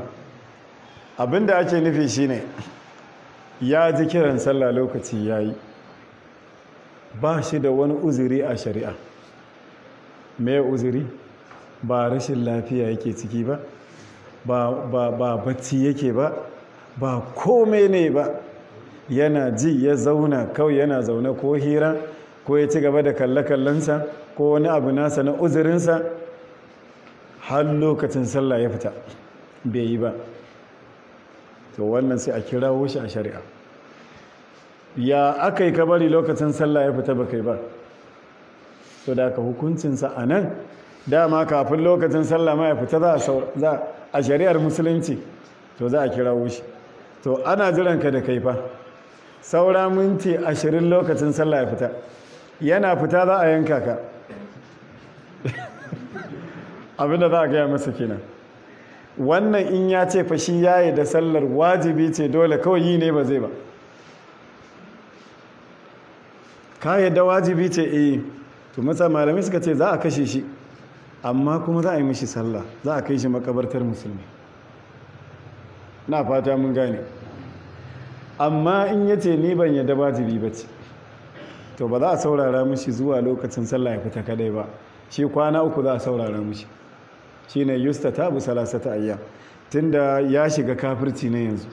abinda ake nufi shine ya ji kiran sallah lokaci ya yi ba shi da wani uzuri a shari'a mai uzuri ba rashin lafiya yake ciki ba ba bacci yake ba ba kome ne ba yana ji ya zauna kawai yana zaune ko hira ko ya ci gaba da kalle-kallensa ko wani abu nasa na uzurinsa har lokacin sallah ya fita bai yi ba to wannan sai a kirawo shi a shari'a ya aka yi kabari lokacin sallah ya fita ba kai ba to da ka hukuncinsa a nan dama kafin lokacin sallah ma ya fita za a shari'ar musulunci to za a kira shi to ana jiran ka da kai fa saura minti ashirin lokacin sallah ya fita yana fita za a yanka ka <laughs> abinda za a gaya masa kenan wannan in ya ce fashi shi yayi da sallar wajibi ce dole kawai yi ne ba zai ba ka yadda wajibi ce iya eh. to matsa malamai suka ce za a kashe shi amma kuma za a yi mashi sallah za a kai shi makabartar musulmi na fata mun gane amma in ya ce ni ban yadda wajibi ba ce to ba za a saurara mashi zuwa lokacin sallah ya fita kadai ba shi kwana uku za a saurara mashi shi ne yusta ta bu salasata tun tunda ya shiga kafirci na yanzu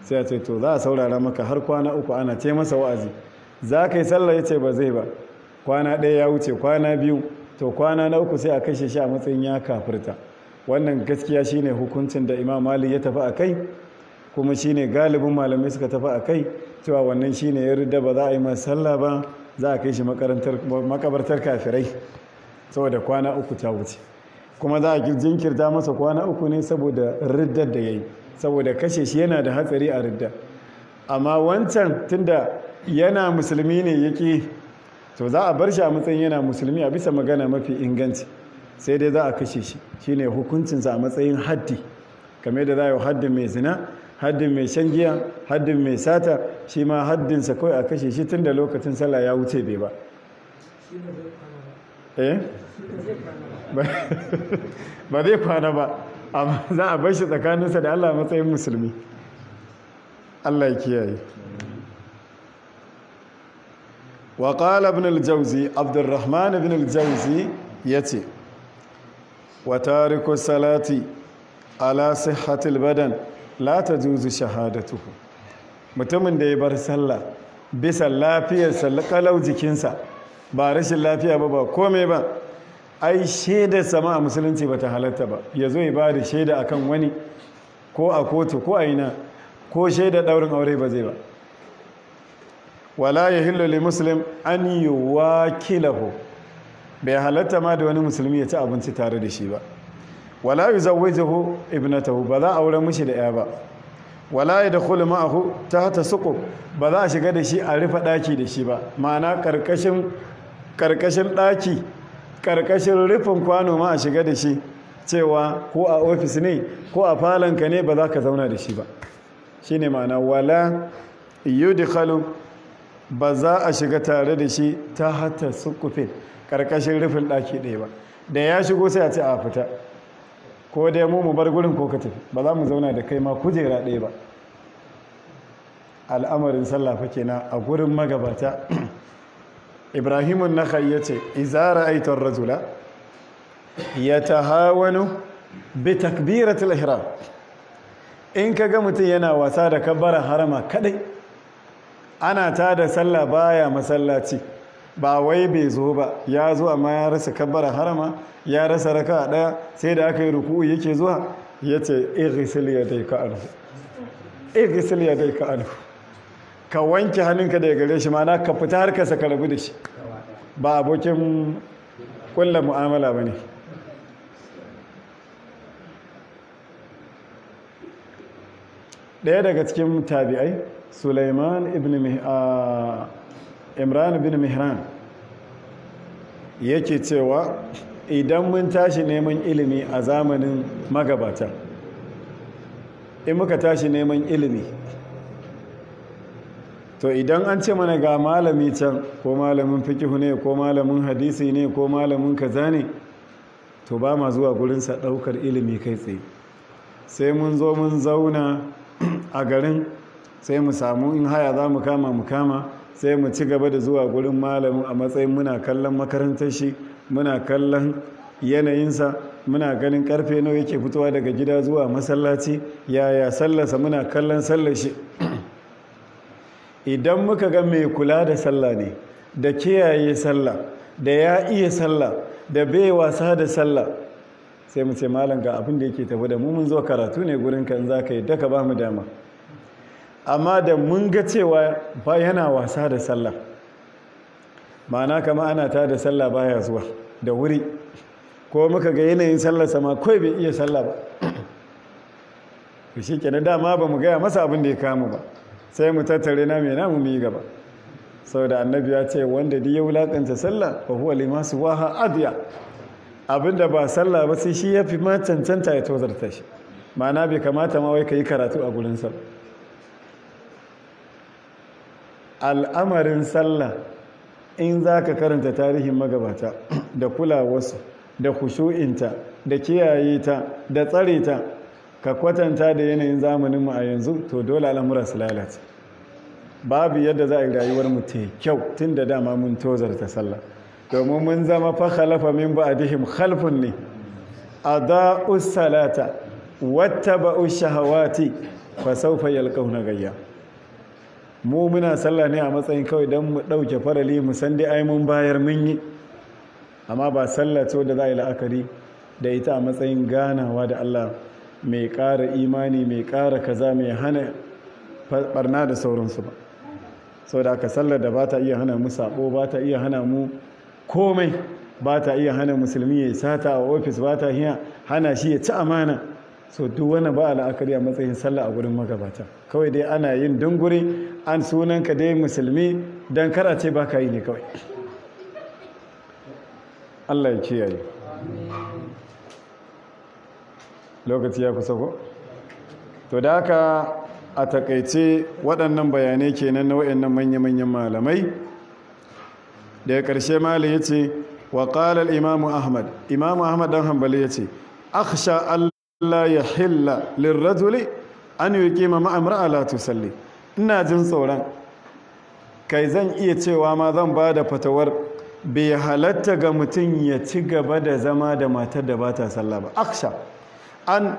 sai a ce to za a saurara maka har kwana uku ana ce masa wa'azi za ka yi sallah ya ce ba zai ba kwana ɗaya ya wuce kwana biyu to kwana na uku sai a kashe shi a matsayin ya kafirta wannan gaskiya shine hukuncin da imam mali ya tafi a kai kuma shine galibin malamai suka tafi a kai cewa wannan shine ya rida ba za a yi masa ba za a kai shi makabartar kafirai saboda kwana uku ta wuce kuma za a jinkirta masa kwana uku ne saboda riddar da ya yi saboda kashe shi yana da hatsari a ridda amma wancan tunda yana musulmi ne yake to za a bar shi a matsayin yana musulmi a bisa magana mafi inganci sai dai za a kashe shi Shi ne hukuncinsa a matsayin haddi game da za a yi haddin mai zina haddin mai shan giya haddin mai sata shi ma haddinsa kawai a kashe shi tun da lokacin sallah ya wuce bai ba eh? ba zai kwana ba za a bar shi tsakaninsa da allah matsayin musulmi allah ya kiyaye wa qala ibn al abdurrahman ibn al ya yace wa tariku salati ala sihhatil badan la tajuzu shahadatuhu mutumin da ya bar sallah bisa lafiyar kalau jikinsa ba rashin lafiya ba ba ba ai shaidar sama a musulunci ba ta halatta ba ya zo ya ba da shaida akan wani ko a kotu ko a ina ko shaidar daurin aure ba zai ba wala ya yahillu le muslim an yuwakilahu bai halatta ma da wani musulmi ya ci abinci tare da shi ba wala yuzawwijuhu ibnatahu ba za a wurin mushi da ya ba wala da yadkhulu ma'ahu hata suku ba za a shiga da shi a rufe daki da shi ba ma'ana karkashin daki karkashin rufin kwano ma a shiga da shi cewa ko a ofis ne ko a ka ne ba za ka zauna da shi ba shine ma'ana wala yudkhalu ba za a shiga tare da shi ta hata sukufin karkashin rufin ɗaki ɗaya ba da ya shigo sai a ce a fita ko dai mu mu bar gurin ko ka ba za mu zauna da kai ma kujera ɗaya ba al'amarin sallah fa kenan a gurin magabata <clears throat> ibrahimun nakhai yace idza ra'aita ar-rajula hawanu bi takbiratul ihram in kaga mutum yana wasa da kabbara harama kadai ana ta da sallah baya masallaci ba wai bai zo ba ya zo amma ya rasa kabbara harama ya rasa raka a ɗaya sai da aka yi ruku'u yake zuwa ya ce irisil ya dai ka anhu ka wanke hannunka da ya gare shi mana ka fita har ka saka rabu da shi ba abokin kulla mu'amala ba ne ɗaya daga cikin tabi'ai Sulaiman ibn Imran ibn Mihran yake cewa idan mun tashi neman ilimi a zamanin magabata in muka tashi neman ilimi to idan an ce mana ga malami can ko malamin fikihu ne ko malamin hadisi ne ko malamin kaza ne to ba ma zuwa gurinsa daukar ilimi kai tsaye sai mun zo mun zauna a garin sai mu samu in haya za mu kama mu kama sai mu ci gaba da zuwa gurin malamin a matsayin muna kallon makarantar shi muna kallon yanayinsa muna ganin karfe nawa yake fitowa daga gida zuwa masallaci yaya sallarsa muna kallon sallar shi idan muka ga mai kula da sallah ne da kiyaye sallah da ya iya sallah da bai wasa da sallah sai mu ce malam ga abin da yake tafi da mu mun zo karatu ne gurin kan za yi daka ba mu dama amma da mun ga cewa ba yana wasa da sallah ma'ana kama ana ta da sallah baya zuwa da wuri ko muka ga yanayin sallar sama kawai bai iya sallah ba shi kenan dama ba mu gaya masa abin da ya kama ba sai mu tattare na mai namu mu gaba sau da annabi ya ce wanda da ya wulaƙanta sallah ba huwa su waha adiya abinda ba sallah ba sai shi ya fi ma cancanta ya tozarta shi ma'ana bai kamata ma wai ka yi karatu a gurin sallah al'amarin sallah in za ka karanta tarihin magabata da kulawarsu da kushu'inta da kiyaye ta da tsare ta ka kwatanta da yanayin zamanin zamaninmu a yanzu to dole al'amura su lalata babu yadda za a yi rayuwarmu te kyau tun da dama mun tozarta sallah domin mun zama fa khalafa min ba'dihim khalfun ne adha'us salata wattaba'u shahawati fa sawfa yalqawna gayya mu muna sallah ne a matsayin kawai don mu ɗauke farali mu san dai ai mun bayar mun yi amma ba sallah ce da za a yi la'akari da ita a matsayin ganawa da Allah mai ƙara imani mai ƙara kaza mai hana barna da sauransu ba sau da aka sallar da ba ta iya hana mu saɓo ba ta iya hana mu komai ba ta iya hana musulmi ya sata a ofis ba ta hana shi ya ci amana so duk wani ba la'akari a matsayin sallah a gudun magabata kawai dai ana yin dunguri an sunanka dai musulmi don kara ce ba ka yi ne kawai allah ya kiyaye lokaci ya kusa ko to da haka a takaice waɗannan bayanai kenan na manya-manyan malamai daga ƙarshe malam ya ce wa ƙalar imamu ahmad imamu ahmad don hambali ya ce aksha allah la ya hila lirrajuli an yi kima ma'amura alatu salli ina jin tsoron kai zan iya cewa ma zan ba da fatawar bai halatta ga mutum ya ci gaba da zama da matar da ba ta salla ba aksha an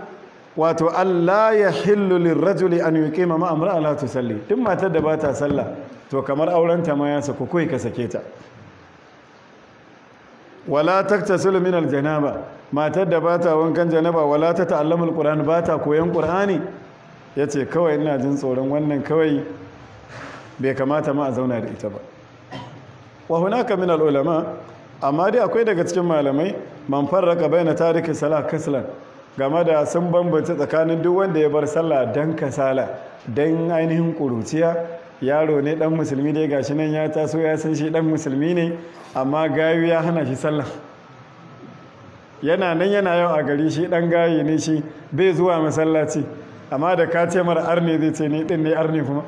wato allah ya hillu lirrajuli an yi kima ma'amura alatu salli duk matar da ba ta salla to kamar aurenta ma ya saku kai ka sake ta wala taktasilu min aljanaba matar da bata wankan janaba wala ta ta'allamu alquran bata koyan qur'ani yace kawai ina jin tsoron wannan kawai bai kamata ma a zauna da ita ba wa hunaka min alulama amma dai akwai daga cikin malamai man farraka baina tariki salah kaslan game da sun bambanta tsakanin duk wanda ya bar sallah dan kasala dan ainihin kuruciya yaro ne dan musulmi dai gashi nan ya taso ya san shi dan musulmi ne amma gayu ya hana shi sallah yana nan yana yau a gari shi dan gayi ne shi bai zuwa masallaci amma da ka ce mara arne zai ce ni din ne arne kuma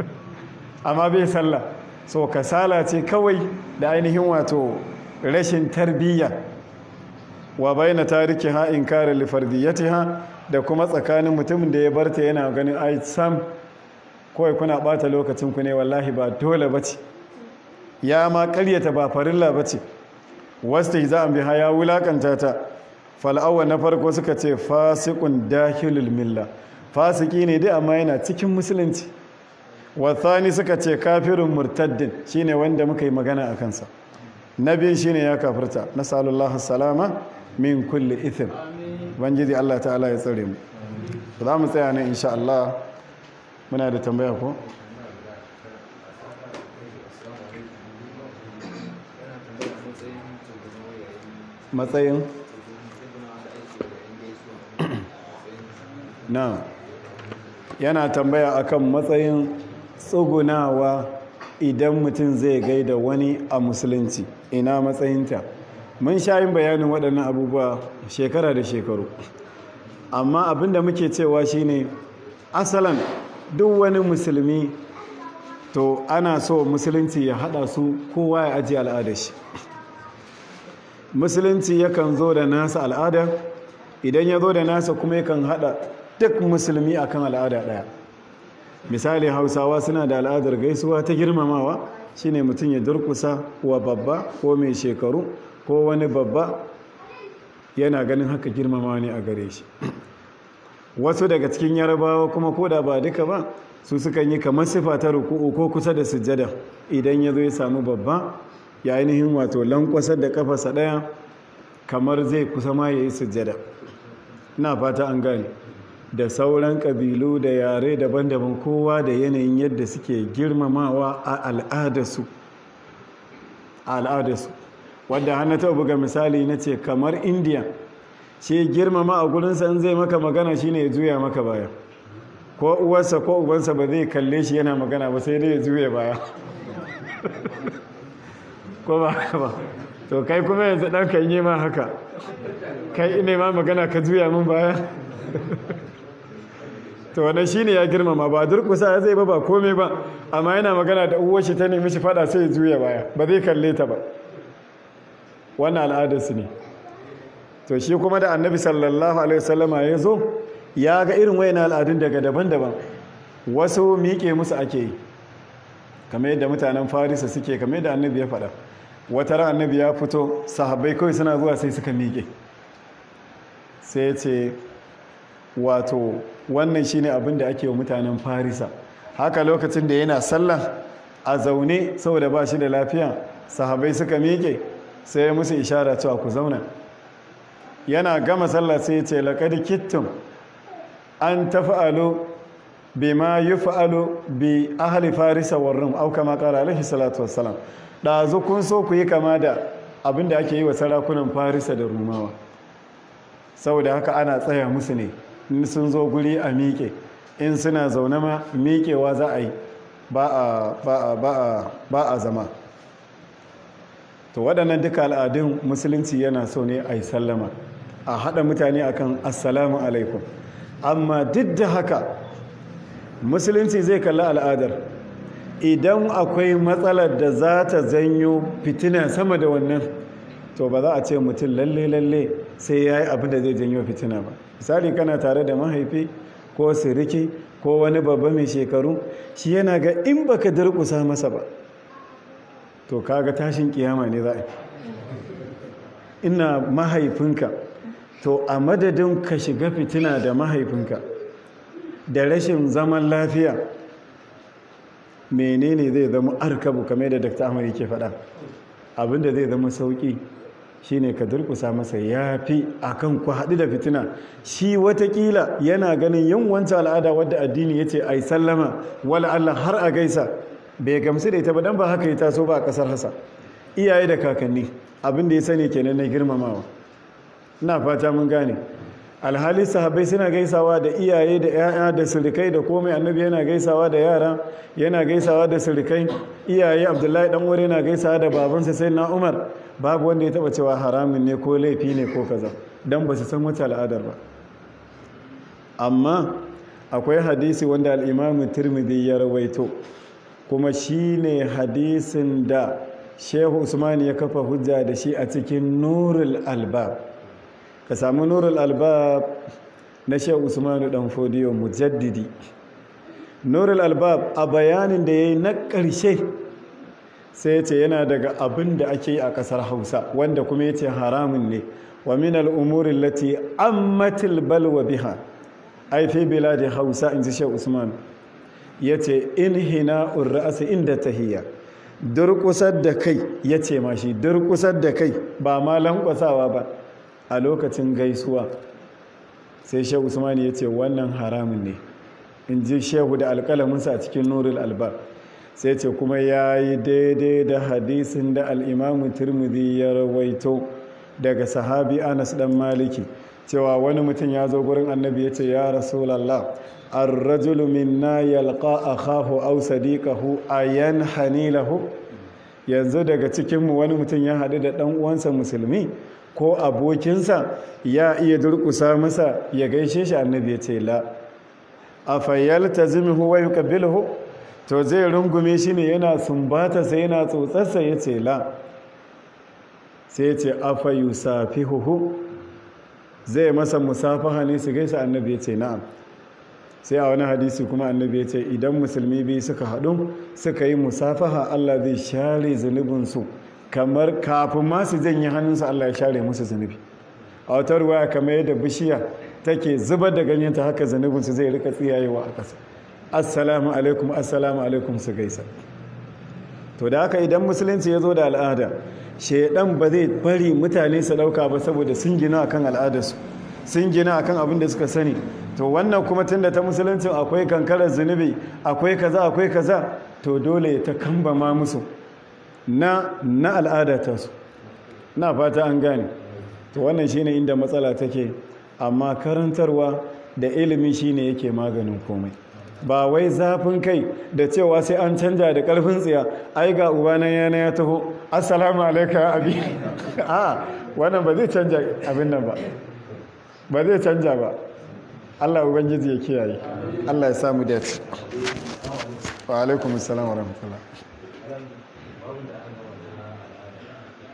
<laughs> amma bai sallah so kasala ce kawai da ainihin wato rashin tarbiyya wa baina tarikiha inkara li ha da kuma tsakanin mutumin da ya barta yana ganin ai sam kawai kuna ɓata ku ne wallahi ba dole ba ce ya ma karyata ba farilla ba ce wasta za a biha ya wulaƙanta ta fal'awa na farko suka ce fasikun dahilul milla fasiki ne dai amma yana cikin musulunci Wasani suka ce kafirin murtaddin shine wanda muka yi magana a kansa na biyun shine ya kafirta nasallallahu salama min kulle kulli ban jiri Allah ta'ala ya tsare mu za mu tsaya ne insha muna da tambaya ko matsayin <clears throat> na yana tambaya akan matsayin tsugunawa idan mutum zai gaida wani a musulunci ina matsayinta mun sha yin bayanin waɗannan abubuwa shekara da shekaru amma abinda muke cewa shine asalan duk wani musulmi to ana so musulunci ya hada su kowa ya ajiye al'adar shi musulunci yakan zo da nasa al'ada idan ya zo da nasa kuma yakan hada duk musulmi akan al'ada daya misali hausawa suna da al'adar gaisuwa ta girmamawa shine mutum ya durkusa wa babba ko mai shekaru ko wani babba yana ganin haka girmamawa ne a gare shi wasu daga cikin yarabawa kuma ko da ba duka ba su sukan yi kamar sifa ta ruku'u ko kusa da sujjada idan ya zo ya samu babba ya ainihin wato lankwasar da kafasa ɗaya kamar zai kusa ma ya yi sujjada na fata an gane da sauran kabilu da yare daban-daban kowa da yanayin yadda suke girmamawa a al'adarsu wadda wadda ta buga misali na ce kamar indiya shi girmama a gurinsa in zai maka magana shi ya juya maka baya ko uwarsa ko ubansa ba zai kalle shi yana magana ba sai dai ya juya baya <laughs> ko ba ba to kai kuma yanzu dan kan yi ma haka kai ina ma magana ka juya min baya <laughs> to wannan shine ya girmama ba durkusa zai ba ba komai ba amma yana magana da uwar shi ta nemi shi fada sai ya juya baya ba zai kalle ta ba wannan al'adarsu ne to shi kuma da annabi sallallahu alaihi wasallama ya zo ya ga irin wayan al'adun daga daban-daban wasu miƙe musu ake yi kamar yadda mutanen farisa suke kamar yadda annabi ya faɗa wata ran annabi ya fito sahabbai kawai suna zuwa sai suka miƙe sai ya ce wato wannan shine abin da ake wa mutanen farisa haka lokacin da yana sallah a zaune saboda ba shi da lafiya sahabai suka miƙe sai ya musu ishara cewa ku zauna yana gama sallah sai ce laqad kittum an taf'alu bima yuf'alu bi ahli farisa war auka au kama qala alaihi salatu wassalam ɗazu kun so ku yi kama da abinda ake yi wa sarakunan farisa da rumawa saboda haka ana tsaya musu ne in sun zo guri a miƙe in suna zaune ma miƙewa za a yi ba a zama to waɗannan duka al'adun musulunci yana so ne a yi sallama a haɗa mutane akan assalamu alaikum amma duk da haka musulunci zai kalli al'adar idan akwai matsalar da za ta zanyo fitina sama da wannan to ba za a ce mutum lalle lalle sai ya yi abin da zai janyo fitina ba misali kana tare da mahaifi ko siriki ko wani babba mai shekaru shi yana ga in baka durkusa masa ba to kaga tashin kiyama ne za a ina mahaifinka to a madadin ka shiga fitina da mahaifinka da rashin zaman lafiya menene zai zama arkabu kame da dr ahmad yake faɗa abinda zai zama sauƙi shine ka durkusa masa ya fi a kan ku haɗu da fitina shi watakila yana ganin yin wancan al'ada wadda addini ya ce ai sallama wala allah har a gaisa bai gamsu da ita ba don ba haka ya taso ba a ƙasar hasa iyaye da kakanni abin da ya sani kenan na girmamawa ina fata mun gane alhali sahabai suna gaisawa da iyaye da 'ya'ya da sirikai da komai annabi yana gaisawa da yara yana gaisawa da sirikai iyaye abdullahi dan wuri na gaisawa da babansa sai na umar babu wanda ya taba cewa haramun ne ko laifi ne ko kaza dan ba su san wata al'adar ba amma akwai hadisi wanda al'imamu tirmidhi ya rawaito kuma shine hadisin da shehu usman ya kafa hujja da shi a cikin nurul albab ka samu nurul albab na shehu usmanu dan fodiyo mujaddidi nurul albab a bayanin da yayi na ƙarshe sai ya ce yana daga abin da ake yi a ƙasar hausa wanda kuma ya ce haramun ne wa min al'umuri lati ammatil balwa biha aifi biladi hausa in ji shehu usman ya ce in hina urra'asa inda tahiyya durkusar da kai ya ce ma shi da kai ba ma lankwasawa ba a lokacin gaisuwa sai shehu usmani ya ce wannan haramun ne in ji shehu da alƙalaminsa a cikin nurul albar sai ce kuma ya yi daidai da hadisin da al'imamu turmudi ya rawaito daga sahabi anas dan maliki cewa wani mutum ya zo gurin annabi ya ce ya rasulallah arrajulu minna yalqa akhahu aw sadiqahu ayan hanilahu yanzu daga cikinmu wani mutum ya haɗu da ɗan uwansa musulmi ko abokinsa ya iya durkusa masa ya gaishe shi annabi ya ce la A huwa wa Kabilu? to zai rungume shi ne yana sumbata sai yana tsotsarsa ya ce la sai ce afa huhu. zai masa musafaha ne su gaisa annabi ya ce na'am sai a wani hadisi kuma annabi ya ce idan musulmi biyu suka haɗu suka yi musafaha Allah zai share zunubinsu kamar kafin masu janye hannunsa Allah ya share musu zunubi a wata ruwaya kamar yadda bishiya take zubar da ganyen ta haka zunubinsu zai rika tsiyayewa a ƙasa assalamu alaikum assalamu alaikum su gaisa to da haka idan musulunci ya zo da al'ada shaidan ba zai bari mutane su ɗauka ba saboda sun gina akan al'adarsu sun gina akan abin da suka sani to wannan kuma tunda ta musulunci akwai kankarar zunubi akwai kaza akwai kaza to dole ta kambama musu na na al'ada ta su na fata an gane to wannan shine inda matsala take amma karantarwa da ilimi shine yake maganin komai ba wai zafin kai da cewa sai an canja da karfin tsiya ai ga ubanan yana ya taho assalamu alaikum abi <laughs> a wannan ba zai canja abin nan ba ba zai canja ba Allah ubangiji ya kiyaye Allah ya samu dace wa alaikum salam wa rahmatullah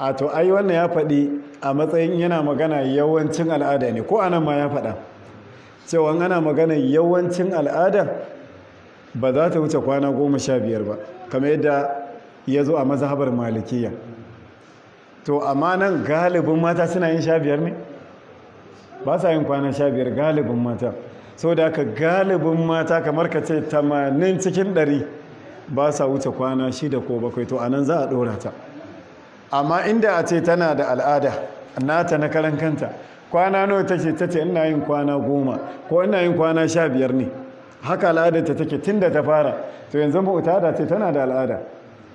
a to ai wannan ya faɗi a matsayin yana magana yawancin al'ada ne ko anan ma ya faɗa cewa ana magana yawancin al'ada ba za ta wuce kwana goma sha biyar ba kamar yadda ya zo a mazhabar malikiya to amma nan galibin mata suna yin sha biyar ne ba sa yin kwana sha biyar galibin mata sau da aka galibin mata kamar ka ce 80 cikin 100 ba sa wuce kwana shida ko bakwai to anan za a ɗora ta amma inda a ce tana da al'ada nata na karan kanta kwana nawa take tace ina yin kwana goma ko ina yin kwana sha biyar ne haka al'adar ta take tun ta fara to yanzu bauta da ce tana da al'ada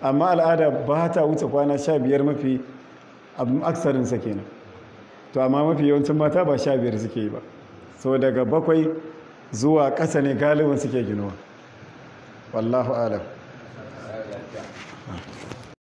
amma al'ada ba ta wuce kwana sha biyar mafi abin aksarinsa kenan to amma mafi yawancin mata ba sha biyar suke yi ba so daga bakwai zuwa ƙasa ne galibin suke ginuwa wallahu alam